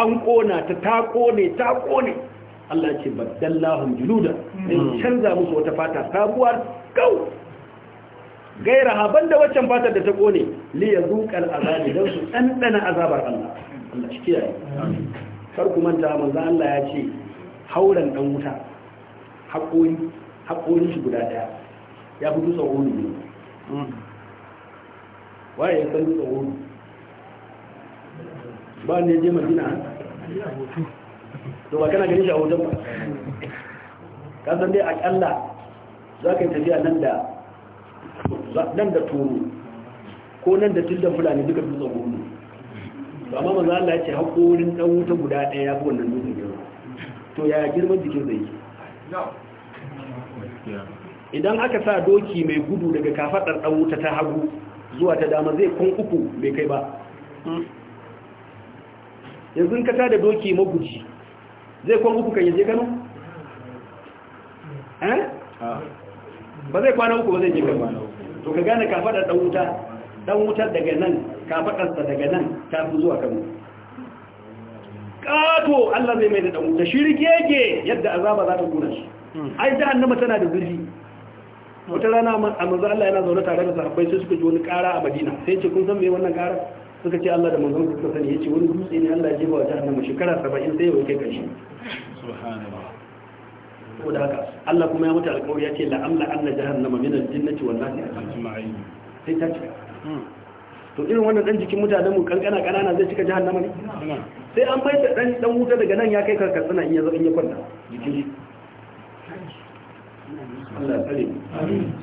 an kona ta ta kone ta kone Allah ce baddalnahum juludan hmm. in canza musu wata fata sabuwar kau gaira haban da waccan fatar da ta kone li ya zuƙar azabi don su ɗanɗana azabar Allah Allah shi kiyaye kar manta manzo Allah ya ce hauran dan wuta haƙori haƙorin shi guda ɗaya ya fi dutsen ulu ne waye ya san dutsen ulu ba ne je madina to ba kana gani shi a hoton ba ka san dai a ƙalla za ka yi tafiya nan da nan da turu ko nan da tilda fulani duka dutsen hudu to amma manzo Allah ya ce hakorin dan wuta guda ɗaya ya fi wannan dutsen girma to ya girman jikin zai yi idan aka sa doki mai gudu daga kafadar dan wuta ta hagu zuwa ta dama zai kun uku bai kai ba yanzu ka tada doki maguji zai kwan uku kan yaje gano? eh? Ah. ba zai kwana uku ba zai je gano to ka gane ka faɗa ɗan wuta ɗan wutar daga nan ka faɗarsa daga nan ta fi zuwa kanu ƙato Allah zai mai da ɗan wuta shirke yake yadda azaba za ta kuna shi ai annama tana da zurfi wata rana a manzo Allah yana zaune tare da sahabbai sai suka ji wani ƙara a Madina sai ce kun san me wannan ƙara suka ce Allah da manzon suka sani ce wani dutse ne Allah ya jefa wa jahannama shekara 70 sai ya wuce kashi subhanallah saboda haka Allah kuma ya mutu alƙawari ya ce la'amla anna jahannama min al-jinnati wan nasi ajma'in sai ta cika hmm. to irin wannan dan jikin mutanen mu kankana kanana zai cika jahannama ne sai an faita dan dan wuta daga nan ya kai karkar suna in ya zo in ya kwanta Allah tsare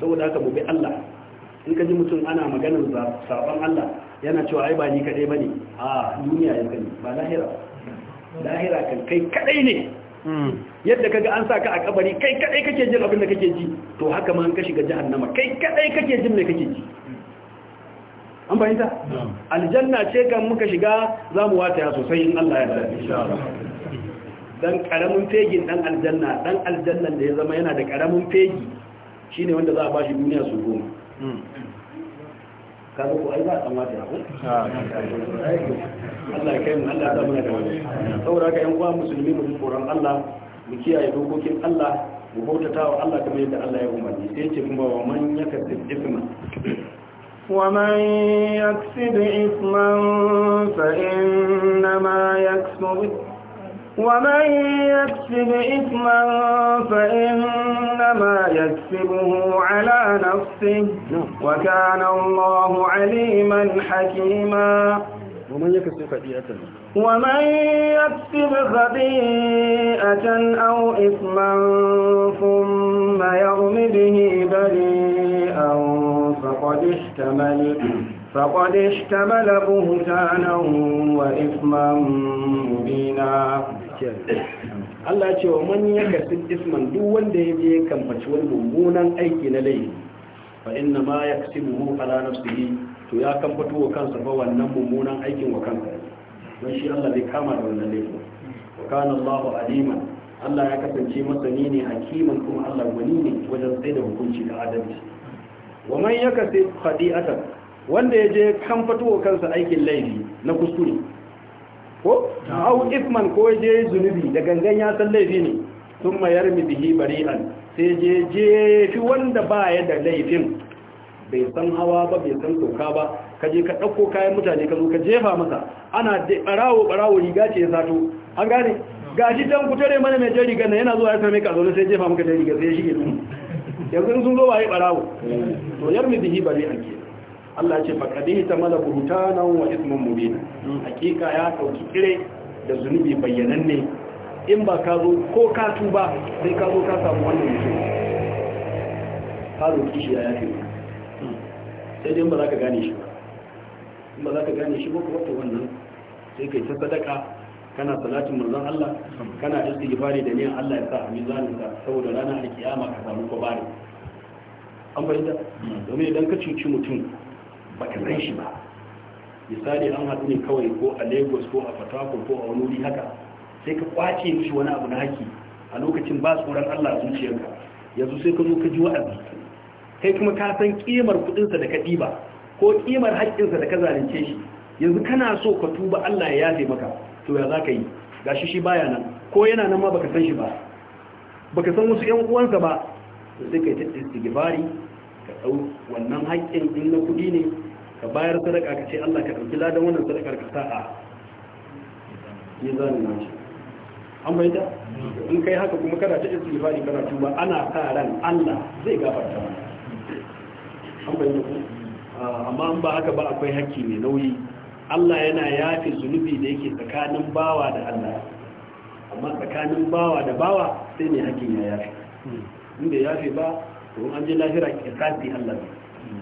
saboda haka mu bi Allah in ka ji mutum ana maganar sabon Allah yana cewa ai ba ni kadai bane a duniya ya ba lahira lahira kan kai kadai ne Hmm. yadda kaga an saka a kabari kai kadai kake jin abin da kake ji to haka ma an ka shiga jahannama kai kadai kake jin me kake ji an fahimta aljanna ce kan muka shiga zamu wata ya sosai in Allah ya yarda insha Allah dan karamin fegin dan aljanna dan aljannan da ya zama yana da karamin fegi shine wanda za a bashi duniya su goma hmm. kaga ko ai ba dan wata ko Allah ya kai mu Allah ya zama da wani saboda haka yan uwa musulmi mu tsoron Allah mu kiyaye dokokin Allah mu bautata wa Allah kamar yadda Allah ya umarni sai ce kuma wa man yakasib isma ومن يكسب إثما فإنما يكسب ومن يكسب إثما فإنما يكسبه على نفسه نعم. وكان الله عليما حكيما ومن يكسب خطيئة ومن يكسب خطيئة أو إثما ثم يرم به بريئا فقد احتمل فقد اشتمل بهتانا وإثما مبينا Allah ce wa man ya sin isman duk wanda ya je kamfaci wani mummunan aiki na laifi fa inna ma yaksibuhu ala nafsihi to ya kamfato wa kansa fa wannan mummunan aikin wa kansa don shi Allah zai kama da wannan laifin wa kana Allahu aliman Allah ya kasance masani ne hakiman kuma Allah gwani ne wajen tsaida hukunci da adalci wa man yaka sin khadi'atan wanda ya je kan fatowa kansa aikin laifi na kuskure ko au ifman ko je zunubi da gangan ya san laifi ne sun mayar bihi bari'an sai je jefi wanda ba ya da laifin bai san hawa ba bai san sauka ba ka je ka ɗauko kayan mutane ka zo ka jefa masa ana ɓarawo ɓarawo riga ce ya sato an gane gashi tan ku tare mana mai jan riga na yana zuwa ya same ka zaune sai jefa maka jan riga sai ya shige yanzu sun zo ba yi ɓarawo to yar mi bihi bari'an ke Allah ce faƙaɗe ta mala burutanan wa ismun mubina hmm. hakika ya ɗauki kire da zunubi bayyananne in ba ka zo ko ka tuba sai ka zo ka samu wannan mutum haro kishi ya yake hmm. sai dai ba za ka gane shi ba in ba za ka gane shi ba ko wato wannan sai kai ta sadaka kana salatin manzon Allah hmm. kana istighfari da niyan Allah ya sa a mizanin ka saboda ranar alkiyama ka samu kubari an bayyana domin idan ka cuci mutum ba ka ganshi shi ba misali an haɗu ne kawai ko a lagos ko a fatakul ko a wani haka sai ka kwace mishi wani abu na haki a lokacin ba tsoron allah a zuciyarka yanzu sai ka zo ka ji wa'azi kai kuma ka san kimar kuɗinsa da ka ɗiba ko kimar haƙƙinsa da ka zalunce shi yanzu kana so ka tuba allah ya yafe maka to ya za ka yi gashi shi baya nan ko yana nan ma baka san shi ba baka san wasu 'yan uwansa ba sai ka yi ta istighfari ɗau wannan haƙƙin in na kuɗi ne ka bayar sadaka ka ce Allah ka ɗauki ladan wannan sadakar ka sa'a ya za na ce an bai ta in kai haka kuma kada ta ifani kana tuba ana sa ran Allah zai gafarta mana an bai ku ah, amma an ba haka ba akwai haƙƙi mai nauyi Allah yana yafe zunubi da yake tsakanin bawa da Allah amma tsakanin bawa da bawa sai ne haƙƙin ya yafe hmm. inda yafe ba to an je lahira kirkasi Allah ne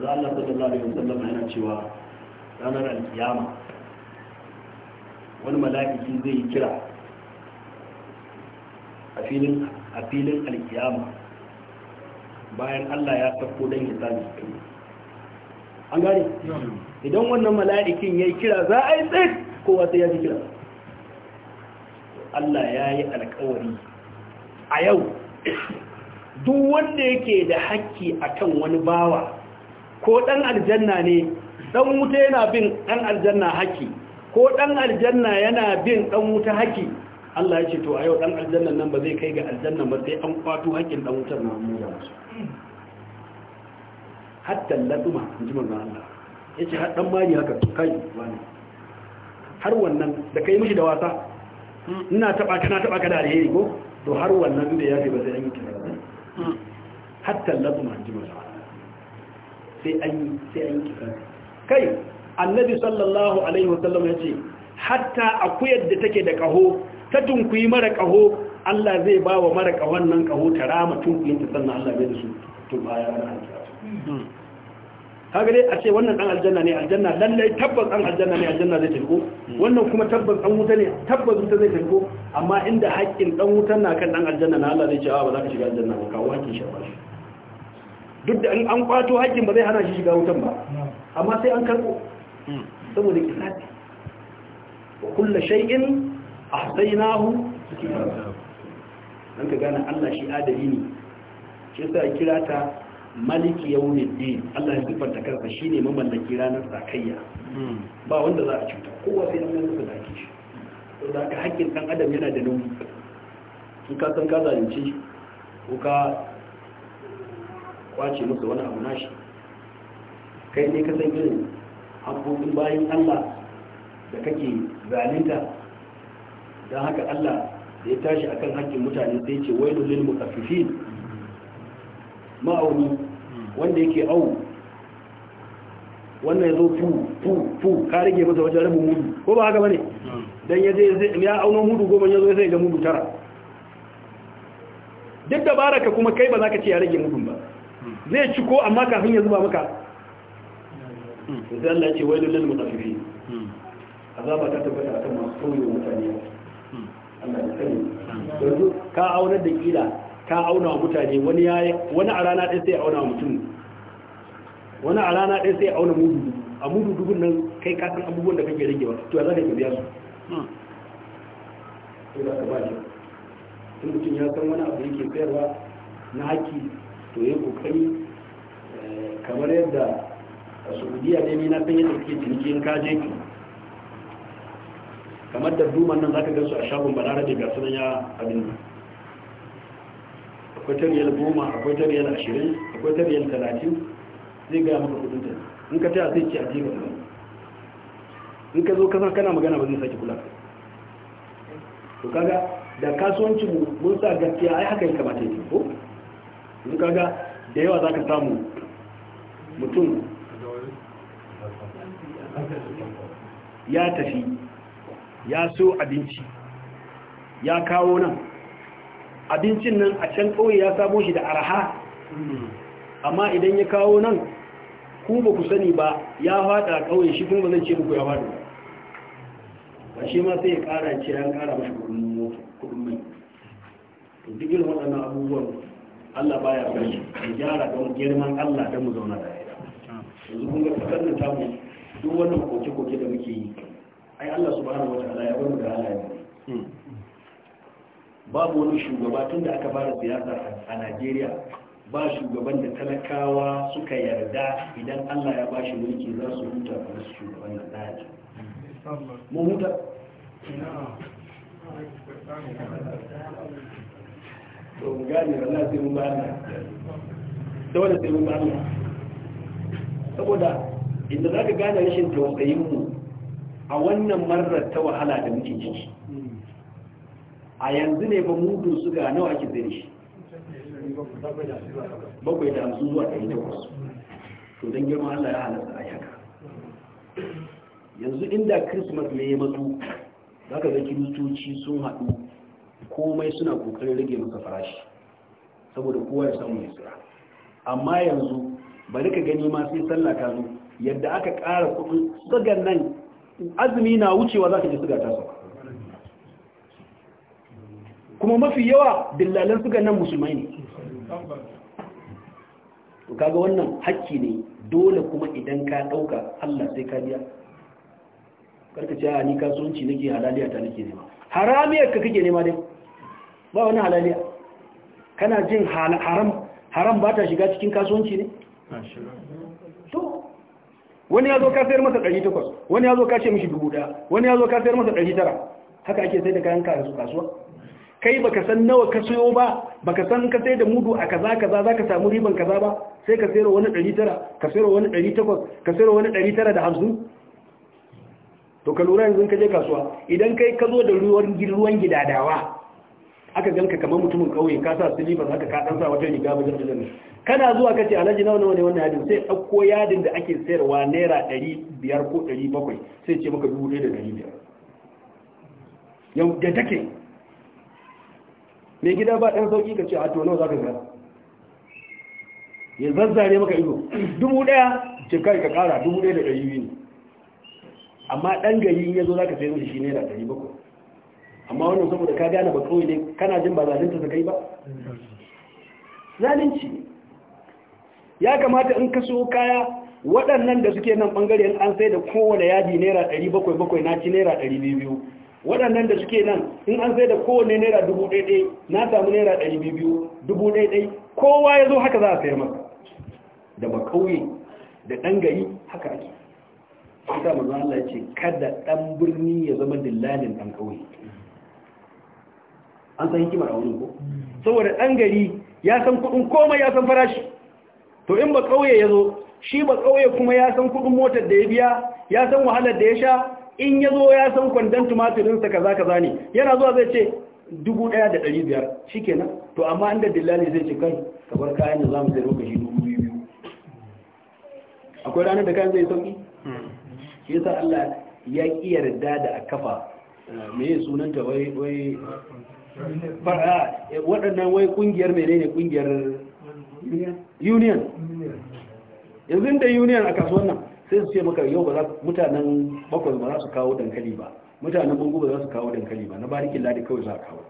za Allah sallallahu alaihi wasallam yana cewa ranar alkiyama wani mala'iki zai yi kira a filin a filin alkiyama bayan Allah ya sako dan hisabi an gane idan wannan mala'ikin yayi kira za a yi tsaye kowa sai ya ji kira Allah ya yi alkawari a yau duk wanda yake da hakki akan wani bawa ko dan aljanna ne dan wuta yana bin dan aljanna haƙƙi, ko dan aljanna yana bin dan wuta haƙƙi, Allah ya ce to a yau dan aljannan nan ba zai kai ga aljanna ba sai an kwato hakkin dan wutar na mu ya wasu hatta laduma inji manzon Allah yace har dan mari haka to kai wani har wannan da kai mishi da wasa ina taba kana taba ka da alheri ko to har wannan da yafi ba sai an yi kira hatta lakum an ji maza sai an yi kai annabi sallallahu alaihi wasallam ya ce hatta akuyar da take da kaho ta tunkuyi mara kaho Allah zai ba wa mara kahon nan kaho ta rama tunkuyinta sannan Allah bai da su to baya ranar kaga dai a ce wannan dan aljanna ne aljanna lallai tabbas dan aljanna ne aljanna zai tafi wannan kuma tabbas dan wuta ne tabbas wuta zai tafi amma inda haƙƙin dan wutan na kan dan aljanna na Allah zai ce a ba za ka shiga aljanna ba kawo haƙƙin shi ba duk da an kwato haƙƙin ba zai hana shi shiga wutan ba amma sai an karɓo saboda kisati wa kullu shay'in ahsaynahu kitaba dan ka gane Allah shi adali ne shi yasa kira ta maliki ne Allah ya sifanta shi ne mamallaki ranar zakayya ba wanda za a cuta kowa sai an yanzu da shi to da ka hakkin dan adam yana da nauyi in ka san ka zalunce ko ka kwace musu wani abu nashi kai ne ka san irin haƙoƙin bayan Allah da kake zalunta don haka Allah da ya tashi akan hakkin mutane sai ce wailul lil mutaffifin ma'auni wanda yake au wannan ya zo fu fu fu ka rage masa wajen rabin mudu ko ba haka bane dan ya je ya auna mudu goma ya zo ya sai ga mudu tara duk da baraka kuma kai ba za ka ce ya rage mudun ba zai ci ko amma kafin ya zuba maka sai Allah ya ce wailul lil mutaffifin azaba ta tabbata akan masu koyo mutane hmm. Allah ya sani ka aunar da kila ka auna wa mutane wani ya wani a rana ɗaya sai a auna mutum wani a rana ɗaya sai a auna mudu dubu a mudu dubu nan kai kasan abubuwan da kake rage ba to ya za ka yi biya su to hmm. za ka ba shi in mutum ya san wani abu yake sayarwa na haƙƙi to ya kokari eh, kamar yadda a saudiya ne na san yadda suke ciniki in kaje ki kamar da duman nan za ka gan su a shagon balarabe ga sunan ya abin nan akwai ta riyal goma akwai ta ashirin akwai ta riyal talatin zai gaya maka kudin ta in ka taya sai ce a je ka kula in ka zo kasar kana magana ba zai sake kula to kaga da kasuwanci mun sa gaskiya ai haka ya kamata ya ko in kaga da yawa za ka samu mutum ya tafi ya so abinci ya kawo nan abincin nan a can kawai ya samo shi da araha amma idan ya kawo nan ku ba ku sani ba ya fada a shi kuma ba zan ce muku ya fada ba shi ma sai ya ƙara ce an ƙara mashi kudin mai to duk irin waɗannan abubuwan Allah baya san shi ya gyara don girman Allah don mu zauna da yanzu kun ga kasar ta mu duk wannan koke-koke da muke yi ai Allah subhanahu wa ta'ala ya bar mu da halaye hmm. babu wani shugaba tun da aka fara siyasa a najeriya ba shugaban da talakawa suka yarda idan allah ya bashi mulki za su huta ba su shugaban da daji mu huta to mu gane wallah sai mun ba da, dole sai mun ba Allah saboda inda zaka gane rashin tausayin mu a wannan marar ta wahala da muke ciki a yanzu ne ba mudu suga nawa ake zai shi bakwai da hamsin zuwa ɗari takwas to don girma Allah ya halatta a yaka yanzu inda christmas ne ya matsu ka ga kiristoci sun haɗu komai suna kokarin rage masa farashi saboda kowa ya samu ya tsira amma yanzu bari ka gani ma sai sallah ka zo yadda aka ƙara kuɗin sugan nan azumi na wucewa za ka ji suga ta sauka kuma mafi yawa dillalan suga nan musulmai ne kaga wannan hakki ne dole kuma idan ka dauka Allah sai ka biya karka ce a ni kasuwanci nake halaliya ta nake nema haramiyar ka kake nema dai ba wani halaliya kana jin haram haram ba ta shiga cikin kasuwanci ne to wani ya zo ka sayar masa 800 wani ya zo ka ce mishi 1000 wani ya zo ka sayar masa 900 haka ake sai da kayan kasuwa kai baka san nawa ka soyo ba baka san ka sai da mudu a kaza kaza za ka samu riban kaza ba sai ka sayar wani 900 ka sayar wani 800 ka sayar wani 950 to ka lura yanzu ka je kasuwa idan kai ka zo da ruwan ruwan gidadawa aka ganka kamar mutumin kauye ka sa silifa haka ka dan sa wata riga ba jirgin nan kana zuwa kace alhaji nawa nawa ne wannan yadin sai dauko yadin da ake sayarwa naira 500 ko 700 sai ce maka 1500 yau da take mai gida ba ɗan sauƙi ka ce a tono za ka gara ya zazzare maka ido dubu ɗaya ce kai ka ƙara dubu ɗaya da ɗari biyu ne amma ɗan gari ya zo za ka sayar da shi naira ɗari bakwai amma wannan saboda ka gane ba kawai ne kana jin ba zalunta ta kai ba zalunci ya kamata in ka so kaya waɗannan da suke nan ɓangare an sai da kowane yadi naira ɗari bakwai bakwai na ci naira ɗari biyu biyu waɗannan da suke nan in an sai da kowane naira dubu ɗaiɗai na samu naira ɗari biyu dubu ɗaiɗai kowa ya zo haka za a sayar maka da makauye da ɗan gari haka ake kusa mazu Allah ce kada ɗan birni ya zama dillalin ɗan ƙauye an san hikimar a wurin ko saboda ɗan gari ya san kuɗin komai ya san farashi to in ba ƙauye ya zo shi ba ƙauye kuma ya san kuɗin motar da ya biya ya san wahalar da ya sha in ya zo ya san kwandon tumatirinsa kaza kaza ne yana zuwa zai ce dubu ɗaya da ɗari biyar shi kenan to amma inda dillali zai ce kai kamar kayan da za mu zai gashi dubu biyu akwai ranar da kayan zai sauki shi yasa allah ya ƙi yarda da a kafa eh, me sunanta wai wai ah, eh, waɗannan wai ƙungiyar menene ƙungiyar union yanzu da union a kasuwan nan sai su ce maka yau ba mutanen bakwai ba za su kawo dankali ba mutanen bungu ba za su kawo dankali ba na barikin ladi kawai za a kawo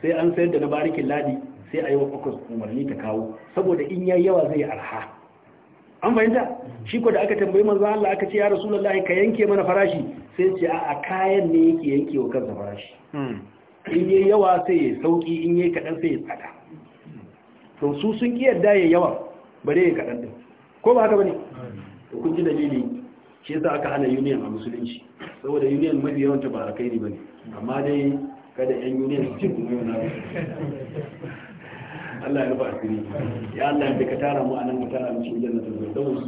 sai an sayar da na barikin ladi sai a yi wa bakwai umarni ta kawo saboda in yayi yawa zai arha an fahimta shi ko da aka tambayi manzo Allah aka ce ya rasulullahi ka yanke mana farashi sai ce a kayan ne yake yanke wa kansa farashi hmm. in yayi yawa sai ya sauki in yayi kadan sai ya tsada to su sun ki yadda yayi yawa bare ya kadan din ko ba haka bane kun ji dalili shi yasa aka hana union a musulunci saboda union mafi yawan ta ba ne bane amma dai kada yan union su ci kuma na Allah ya rufa asiri ya Allah ya ka tara mu anan mu tara mu cikin jannatul firdaus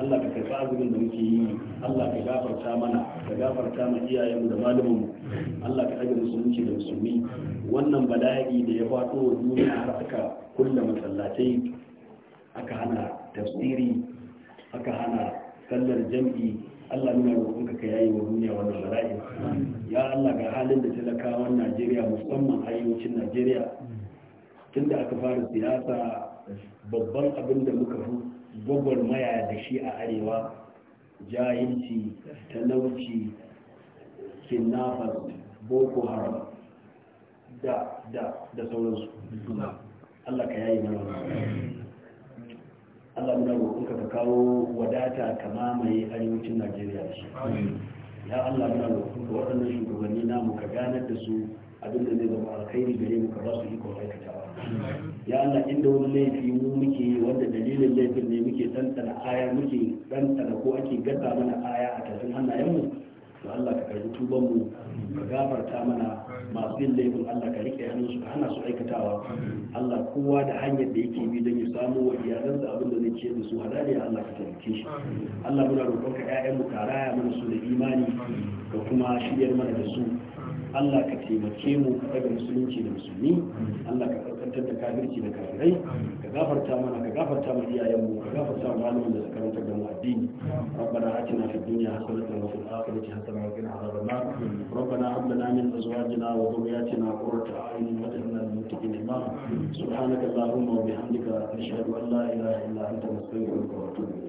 Allah ka karɓi azumin da muke yi Allah ka gafarta mana ka gafarta ma iyayenmu da mu Allah ka ɗaga musulunci da musulmi wannan bala'i da ya faɗo duniya har aka kulla masallatai aka hana tafsiri aka hana sallar jam'i Allah nuna roƙonka ka yayi wa duniya wannan bala'i ya Allah ga halin da talakawan Najeriya musamman arewacin Najeriya tunda aka fara siyasa babban abin da muka fi gwagwarmaya da shi a arewa jahilci talauci kinnafar boko haram da da da sauransu Allah ka yayi mana Allah muna roƙonka ka kawo wadata ka mamaye arewacin Najeriya da shi ya Allah muna ka waɗannan shugabanni na mu ka ganar da su abin da zai zama alkhairi gare mu ka ba su ikon aikatawa ya Allah inda wani laifi mu muke yi wanda dalilin laifin ne muke tsantsana aya muke tsantsana ko ake gasa mana aya a tafin hannayenmu to Allah ka karbi tuban mu ka gafarta mana masu yin laifin Allah ka rike hannun su hana su aikatawa Allah kowa da hanyar da yake bi don ya samu wa iyalansa abin da zai ce da su hadariya Allah ka taimake shi Allah muna roƙon ka ƴaƴan mu ka raya mana su da imani ka kuma shiryar mana da su Allah ka taimake mu ka daga musulunci da musulmi Allah ka karkantar da kafirci da kafirai ka gafarta mana ka gafarta mu iyayen mu ka gafarta mu malamin da suka rantar da mu addini rabbana atina fid dunya hasanatan wa fil akhirati hasanatan wa qina adhaban nar rabbana hab lana min azwajina wa dhurriyyatina qurrata a'yunin waj'alna lil muttaqin imama subhanaka allahumma wa bihamdika ashhadu an la ilaha illa anta astaghfiruka wa atubu ilayk